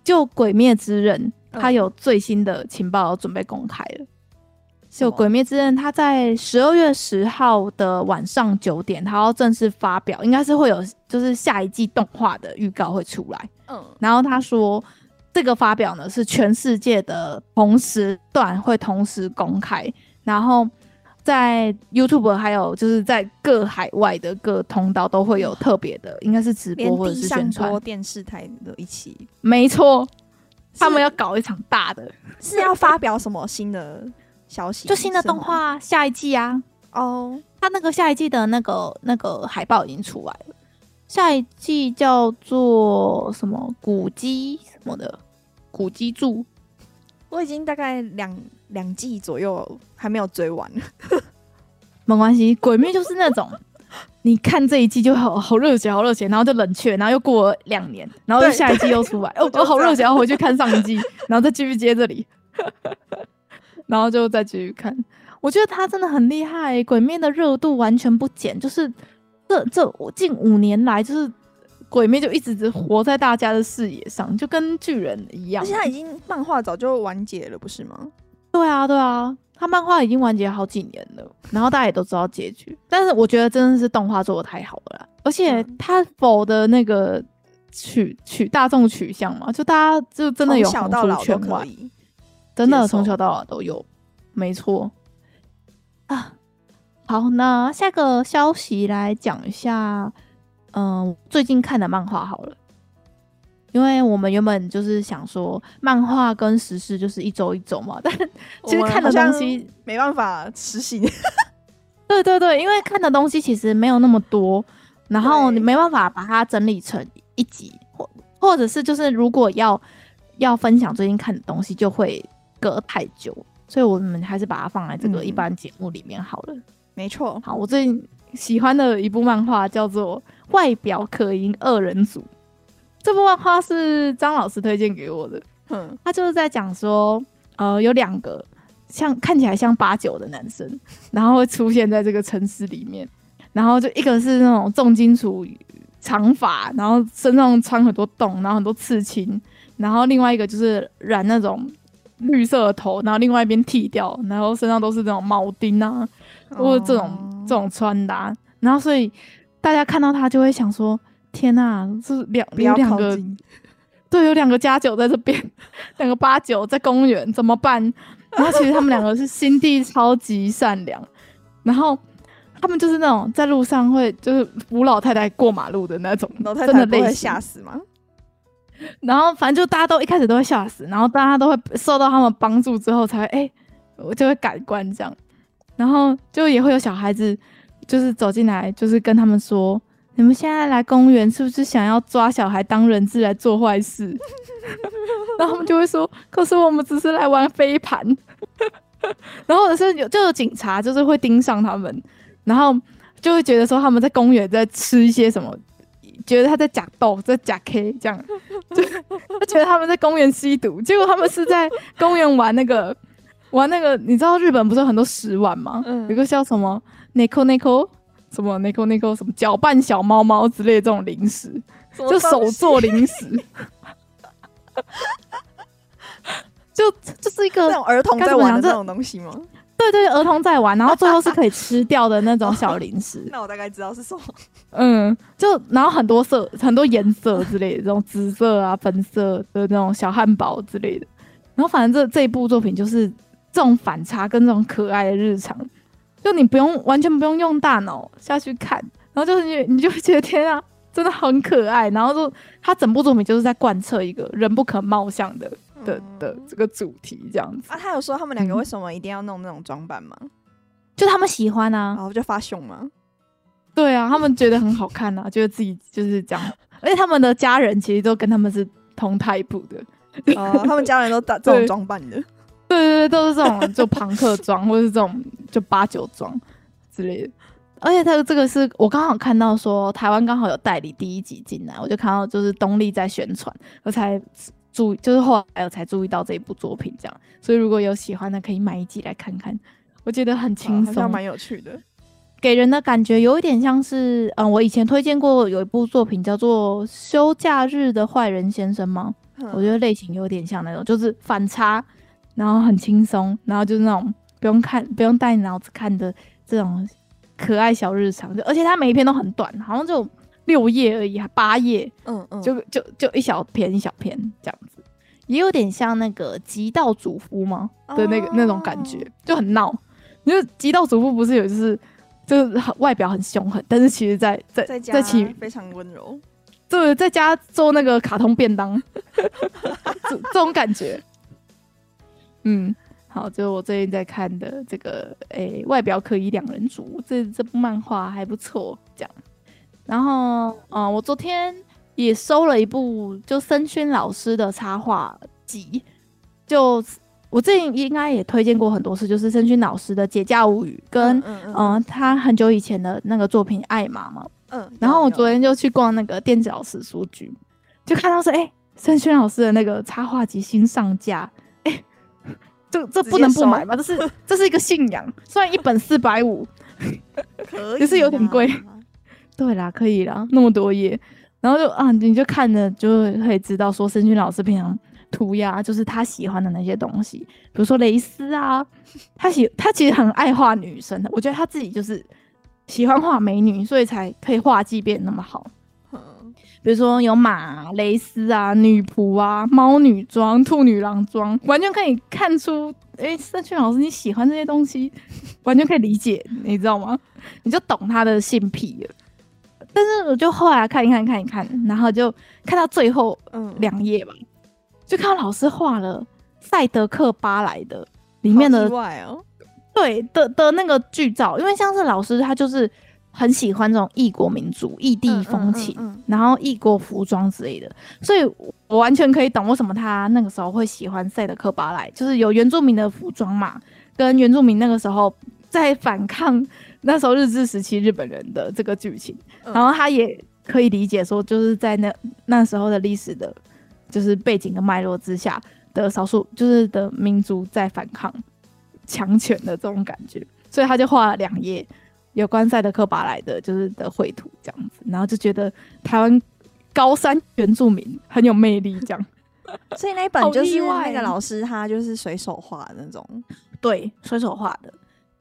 就《鬼滅之刃》它有最新的情報準備公開了。就《鬼滅之刃》，他在十二月十號的晚上九點，他要正式發表，應該是會有就是下一季動畫的預告會出來。嗯，然後他說這個發表呢是全世界的同時段會同時公開，然後在 YouTube 還有就是在各海外的各通道都會有特別的，嗯、應該是直播或者是宣傳電視台的一起。沒錯錯，是他們要搞一場大的，是要發表什麼新的？ 消息就新的動畫、啊、嗎下一季啊！哦，他那個下一季的那個那個海報已經出來了。下一季叫做什麼古基什麼的，古基柱。我已經大概兩兩季左右還沒有追完。 沒關係，鬼滅就是那種 你看這一季就好好熱血，好熱血，血，然後就冷卻，然後又過兩年，然後下一季又出來，哦，我，我好熱血，要回去看上一季， 然後再繼續接這裡。 然後就再繼續看，我覺得他真的很厲害。鬼滅的熱度完全不減，就是這這近五年來，就是鬼滅就一直只活在大家的視野上，就跟巨人一樣。而且他已經漫畫早就完結了，不是嗎？對啊，對啊，他漫畫已經完結好幾年了， 然後大家也都知道結局。但是我覺得真的是動畫做得太好了，而且他否的那個取取大眾取向嘛，就大家就真的有從小到老全玩。真的從小到大都有，受沒錯啊。好，那下個消息來講一下，嗯、呃，最近看的漫畫好了。因為我們原本就是想說，漫畫跟時事就是一周一周嘛，但其實看的東西沒辦法實行。 對對對，因為看的東西其實沒有那麼多，然後你沒辦法把它整理成一集，或對或者是就是如果要要分享最近看的東西，就會，隔太久，所以我們還是把它放在這個一般節目裡面好了。嗯、沒錯，好，我最喜歡的一部漫畫叫做《外表可疑二人組》，這部漫畫是張老師推薦給我的。嗯、他就是在講說，呃，有兩個像看起來像八九的男生，然後會出現在這個城市裡面， 然後就一個是那種重金屬長髮，然後身上穿很多洞，然後很多刺青，然後另外一個就是染那種。綠色的頭，然後另外一邊剃掉，然後身上都是那種鉚釘啊，或者這種、oh. 這種穿搭，啊，然後所以大家看到他就會想說，天哪，啊，這兩有兩個，對，有兩個加九在這邊， 兩個八九在公園，怎麼辦？ 然後其實他們兩個是心地超級善良， 然後他們就是那種在路上會就是扶老太太過馬路的那種，老太太會被嚇死嗎？然後反正就大家都一開始都會笑死，然後大家都會受到他們幫助之後才會哎、欸，我就會改觀這樣。然後就也會有小孩子，就是走進來，就是跟他們說：“你們現在來公園是不是想要抓小孩當人質來做壞事？” 然後他們就會說：“可是我們只是來玩飛盤。 ”然後有時候有就有警察就是會盯上他們，然後就會覺得說他們在公園在吃一些什麼，覺得他在假斗在假 K 這樣。我他覺得他們在公園吸毒，結果他們是在公園玩那個玩那個，你知道日本不是有很多食玩嗎？嗯、有個叫什麼 Neko Neko 什麼 Neko Neko 什麼攪拌小貓貓之類的這種零食，就手做零食， 就就是一個那種兒童在玩的這種東西嗎？對，對對，兒童在玩，然後最後是可以吃掉的那種小零食。 哦、那我大概知道是什麼。嗯，就然後很多色，很多顏色之類的，這種紫色啊、粉色的這種小漢堡之類的。然後反正這這一部作品就是這種反差跟這種可愛的日常，就你不用完全不用用大腦下去看，然後就是你你就會覺得天啊，真的很可愛。然後就他整部作品就是在貫徹一個人不可貌相的的的這個主題這樣子，嗯。啊，他有說他們兩個為什麼一定要弄那種裝扮嗎？就他們喜歡啊，然後就發兇嘛？對啊，他們覺得很好看吶、啊，覺得自己就是這樣。而且他們的家人其實都跟他們是同台部的，哦、呃，他們家人都打這種裝扮的 對，對對對，都是這種就龐克裝 或是這種就八九裝之類的。而且他的這個是我剛好看到說台灣剛好有代理第一集進來，我就看到就是東立在宣傳，我才注意就是後來我才注意到這一部作品這樣。所以如果有喜歡的，可以買一集來看看，我覺得很輕鬆，蠻、啊、有趣的。給人的感覺有一點像是，嗯，我以前推薦過有一部作品叫做《休假日的壞人先生》嗎？嗯，我覺得類型有點像那種，就是反差，然後很輕鬆，然後就是那種不用看，不用帶腦子看的這種可愛小日常就。而且它每一篇都很短，好像就六頁而已，還八頁，嗯嗯，就就就一小篇一小篇這樣子，也有點像那個極道主夫嗎的，哦、對，那個那種感覺，就很鬧。因為極道主夫不是有就是。就外表很兇狠，但是其實在在在家在其非常溫柔，就在家做那個卡通便當， 這種感覺。嗯，好，就我最近在看的這個，誒、欸，外表可疑兩人組，這這部漫畫還不錯，這樣。然後，嗯，我昨天也收了一部，就申軒老師的插畫集，就。我最近應該也推薦過很多次，就是森薰老師的《乙嫁物語》跟嗯，嗯，嗯，嗯，他很久以前的那個作品《艾瑪》嘛。嗯。然後我昨天就去逛那個墊腳石書局，就看到說，哎、欸，森薰老師的那個插畫集新上架，哎、欸，這這不能不買嗎？這是這是一個信仰，雖然 一本四百五，可是有點貴。對啦，可以啦，那麼多頁，然後就啊，你就看着就會知道說，森薰老師平常。塗鴉就是他喜歡的那些東西，比如說蕾絲啊，他喜他其實很愛畫女生的。我覺得他自己就是喜歡畫美女，所以才可以畫技變得那麼好。嗯、比如說有馬、蕾絲啊、女僕啊、貓女裝、兔女郎裝，完全可以看出。哎、欸，冨樫老師你喜歡這些東西，完全可以理解，你知道嗎？你就懂他的性癖了。但是我就後來、啊、看一看，看一看，然後就看到最後兩頁吧。嗯就看老師畫了《賽德克巴萊》的裡面的、哦，對的的那個劇照，因為像是老師他就是很喜歡這種異國民族、異地風情，嗯嗯嗯嗯、然後異國服裝之類的，所以我完全可以懂為什麼他那個時候會喜歡《賽德克巴萊》，就是有原住民的服裝嘛，跟原住民那個時候在反抗那時候日治時期日本人的這個劇情，然後他也可以理解說，就是在那那時候的歷史的。就是背景的脈絡之下的少數，就是的民族在反抗強權的這種感覺，所以他就畫了兩頁有關賽德克巴萊的，就是的繪圖這樣子，然後就覺得台灣高山原住民很有魅力這樣，所以那一本就是另外一個老師他就是隨手畫的那種，oh yeah、對，隨手畫的，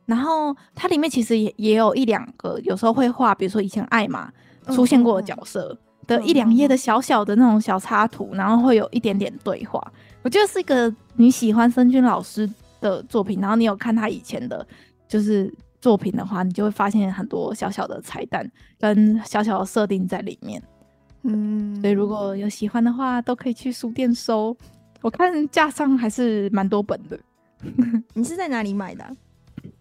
然後它裡面其實也也有一兩個，有時候會畫，比如說以前艾瑪出現過的角色。嗯嗯嗯的一兩頁的小小的那種小插圖，然後會有一點點對話。我覺得是一個你喜歡申君老師的作品，然後你有看他以前的，就是作品的話，你就會發現很多小小的彩蛋跟小小的設定在裡面。嗯，所以如果有喜歡的話，都可以去書店收。我看架上還是蠻多本的。 你是在哪裡買的？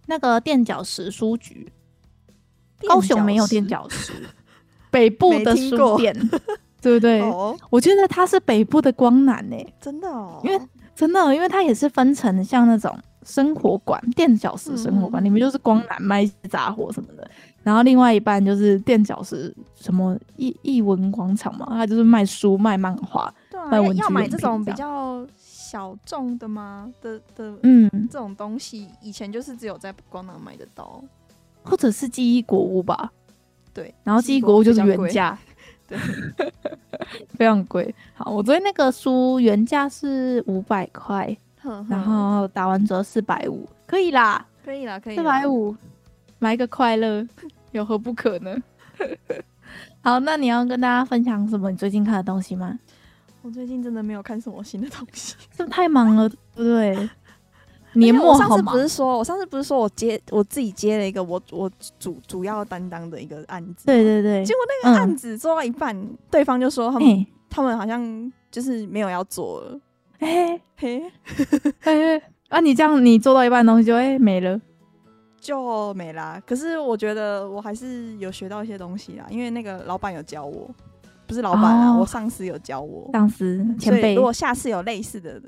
那個墊腳石書局，高雄沒有墊腳石。 北部的書店，聽 對不對？Oh. 我覺得它是北部的光南呢。欸，真的哦，因為真的，因為它也是分成像那種生活館，墊腳石生活館，裡面、嗯、哼就是光南賣雜貨什麼的，然後另外一半就是墊腳石什麼藝藝文廣場嘛，它就是賣書、賣漫畫、對啊、賣文具。要買這種比較小眾的嗎？的的，嗯，這種東西以前就是只有在光南買得到，或者是紀伊國屋吧。對，然後寄回國物就是原價，對， 非常貴。好，我昨天那個書原價是五百塊，呵呵，然後打完折四百五，可以啦，可以啦，450, 可以啦。四百五，買一個快樂，有何不可呢？ 好，那你要跟大家分享什麼？你最近看的東西嗎？我最近真的沒有看什麼新的東西， 是不是太忙了，對。年末好嗎？我上次不是說，我上次不是說我接我自己接了一個我我主主要擔當的一個案子。對對對。結果那個案子做到一半，對方就說他們他們好像就是沒有要做了。哎嘿，啊你這樣你做到一半東西就沒了，就沒啦。可是我覺得我還是有學到一些東西啦，因為那個老闆有教我，不是老闆啊，我上司有教我。上司前輩，如果下次有類似的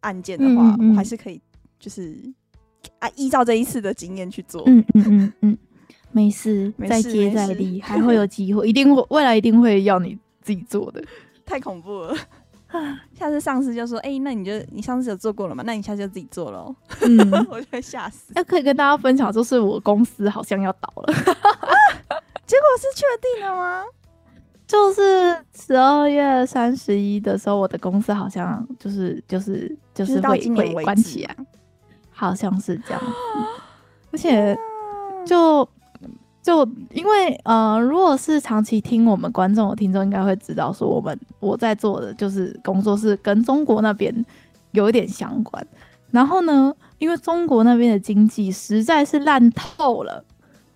案件的話，我還是可以。就是啊，依照這一次的經驗去做。嗯嗯嗯嗯，沒事，再事接再厲，沒事還會有機會，對一定會，未來一定會要你自己做的。太恐怖了！ 下次上司就說：“哎、欸，那你就你上次有做過了嗎？那你下次就自己做嘍。嗯” 我就會嚇死。要可以跟大家分享，就是我公司好像要倒了。 啊，結果是確定了嗎？就是十二月三十一的時候，我的公司好像就是就是就是會就是到今年會關起啊。好像是這樣子，而且就就因為呃，如果是長期聽我們觀眾的聽眾，應該會知道說，我們我在做的就是工作是跟中國那邊有一點相關。然後呢，因為中國那邊的經濟實在是爛透了，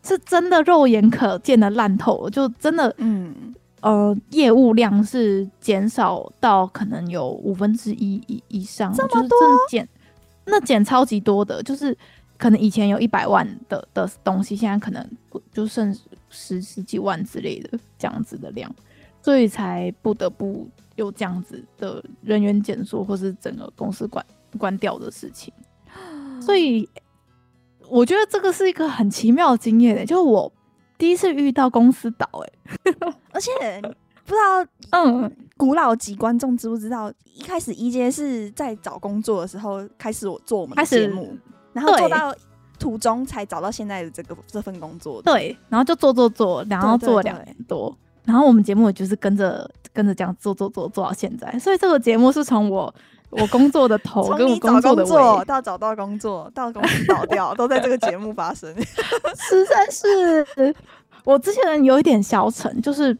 是真的肉眼可見的爛透了，就真的嗯呃，業務量是減少到可能有五分之一以以上，這麼多減。那減超級多的，就是可能以前有一百萬的的東西，現在可能就剩十十幾萬之類的這樣子的量，所以才不得不有這樣子的人員減縮，或是整個公司關關掉的事情。所以我覺得這個是一個很奇妙的經驗，欸，就就我第一次遇到公司倒，欸，誒， 而且。不知道，嗯，古老級觀眾知不知道？一開始 EJ 是在找工作的時候開始我做我們的節目，始然後做到對途中才找到現在的這個這份工作。對，對，然後就做做做，然後做了兩年多，對對對對然後我們節目也就是跟着跟着這樣做做做做到現在。所以這個節目是從我我工作的頭跟我工作的尾，從你找工作到找到工作到公司倒掉 都在這個節目發生， 實在是我之前有一點消沉，就是。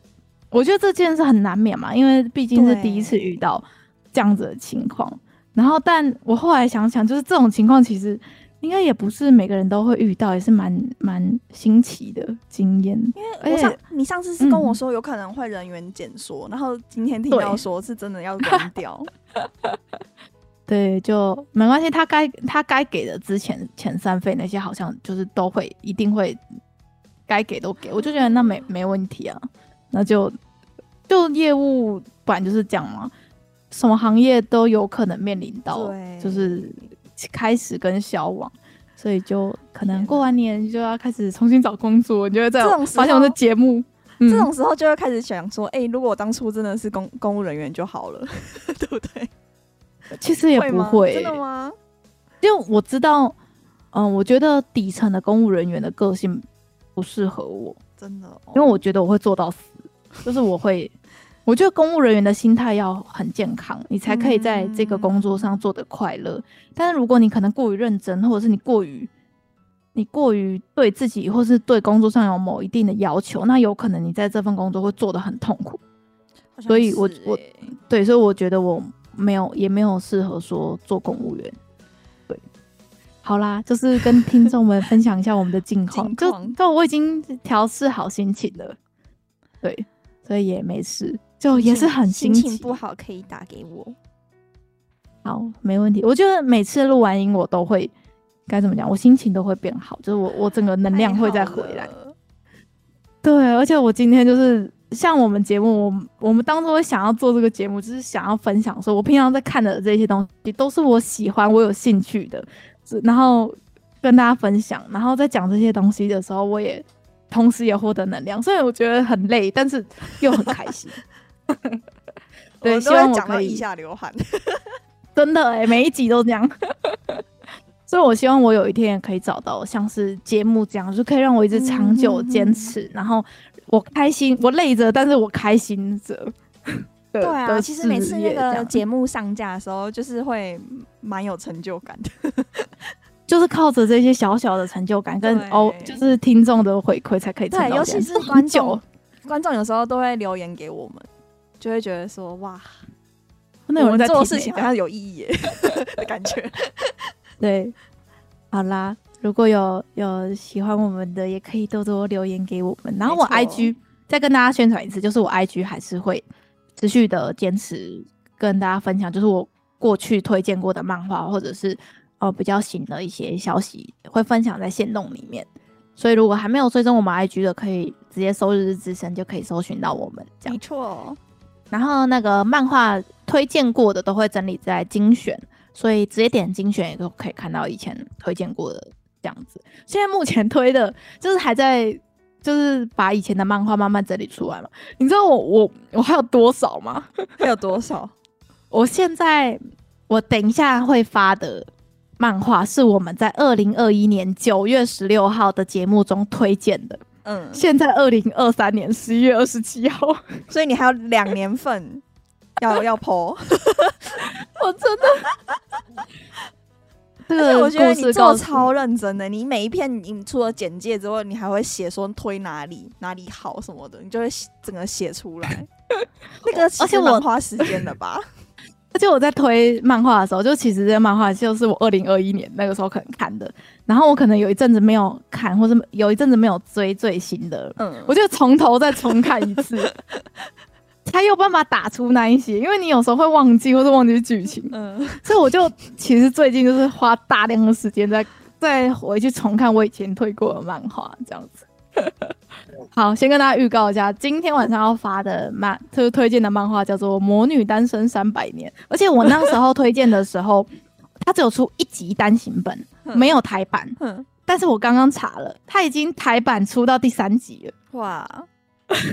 我覺得這件事很難免嘛，因為畢竟是第一次遇到這樣子的情況。對然後，但我後來想想，就是這種情況其實應該也不是每個人都會遇到，也是蠻蠻新奇的經驗。因為我想，欸、你上次是跟我說有可能會人員減縮，嗯、然後今天聽到說是真的要扔掉。對, 對，就沒關係。他該他該給的之前前三費那些，好像就是都會一定會該給都給，我就覺得那沒沒問題啊。那就就業務不然就是講嘛，什麼行業都有可能面臨到，對就是開始跟消亡，所以就可能過完年就要開始重新找工作。你覺得這這種發現我的節目，嗯、這種時候就會開始想說：“哎、欸，如果我當初真的是公公務人員就好了， 對不對？”其實也不會，會真的嗎？因為我知道，嗯、呃，我覺得底層的公務人員的個性不適合我，真的、哦。因為我覺得我會做到死。就是我會，我覺得公務人員的心態要很健康，你才可以在這個工作上做得快樂。嗯、但是如果你可能過於認真，或者是你過於你過於對自己，或是對工作上有某一定的要求，那有可能你在這份工作會做得很痛苦。欸、所以我我對，所以我覺得我沒有也沒有適合說做公務員。對，好啦，就是跟聽眾們分享一下我們的近況。 近況。就，就我已經調試好心情了。對。所以也沒事，就也是很心情，心情不好可以打給我。好，沒問題。我覺得每次錄完音，我都會該怎麼講，我心情都會變好，就是我我整個能量會再回來。對，而且我今天就是像我們節目，我我們當初會想要做這個節目，就是想要分享說，我平常在看的這些東西都是我喜歡、我有興趣的，然後跟大家分享。然後在講這些東西的時候，我也。同時也獲得能量，所以我覺得很累，但是又很開心。 對，希望我可以一下流汗， 真的哎、欸，每一集都這樣。 所以，我希望我有一天也可以找到像是節目這樣，就可以讓我一直長久堅持。嗯、哼哼，然後我開心，我累着，但是我開心着。對啊，其實每次那個節目上架的時候，就是會蠻有成就感的。 就是靠着這些小小的成就感跟對哦，就是聽眾的回饋才可以到。對，尤其是觀眾，很久觀眾有時候都會留言給我們，就會覺得說哇，那我們在做事情好像哇有意義耶 的感覺。 對，好啦，如果有有喜歡我們的，也可以多多留言給我們。然後我 IG 錯再跟大家宣傳一次，就是我 IG 還是會持續的堅持跟大家分享，就是我過去推薦過的漫畫或者是。哦，比較新的一些消息會分享在限動裡面，所以如果還沒有追蹤我們 IG 的，可以直接搜“日日之聲”就可以搜尋到我們。沒錯錯。然後那個漫畫推薦過的都會整理在精選，所以直接點精選也都可以看到以前推薦過的這樣子。現在目前推的就是還在，就是把以前的漫畫慢慢整理出來了。你知道我我我還有多少嗎？ 還有多少？我現在我等一下會發的。漫畫是我們在二零二一年九月十六號的節目中推薦的。嗯，現在二零二三年十一月二十七號，所以你還有兩年份要要 po。我真的，這個我覺得你做超認真的。你每一篇你出了簡介之後，你還會寫說，推哪裡哪裡好什麼的，你就會整個寫出來。 那個其實而且我花時間的吧。就我在推漫畫的時候，就其實這個漫畫就是我二零二一年那個時候可能看的，然後我可能有一陣子沒有看，或是有一陣子沒有追最新的。嗯，我就從頭再重看一次，才有 辦法打出那一些，因為你有時候會忘記或是忘記劇情。嗯，所以我就其實最近就是花大量的時間在在回去重看我以前推過的漫畫，這樣子。 好，先跟大家預告一下，今天晚上要發的漫、就是、推推薦的漫畫叫做《魔女單身三百年》，而且我那時候推薦的時候， 它只有出一集單行本，沒有台版。嗯嗯、但是我剛剛查了，它已經台版出到第三集了。哇，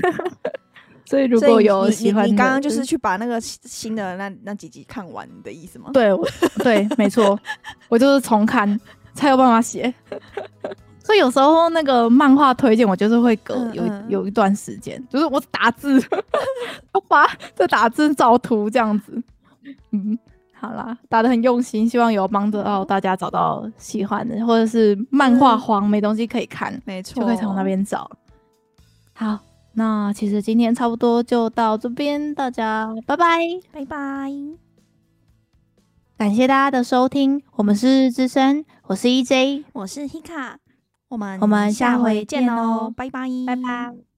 所以如果有喜歡，你剛剛就是去把那個新的那那幾集看完的意思嗎？對，對，沒錯， 我就是重看才有辦法寫。所以有時候那個漫畫推薦，我就是會隔有嗯嗯有、有一段時間，就是我打字，發在打字找圖這樣子。嗯，好啦，打得很用心，希望有幫得到大家找到喜歡的，或者是漫畫荒、嗯、沒東西可以看，沒錯，就可以從那邊找。好，那其實今天差不多就到這邊，大家拜拜拜拜，感謝大家的收聽，我們是日日之聲，我是 E J，我是 Hika。我們我們下回見嘍，哦，見哦，拜拜，拜拜。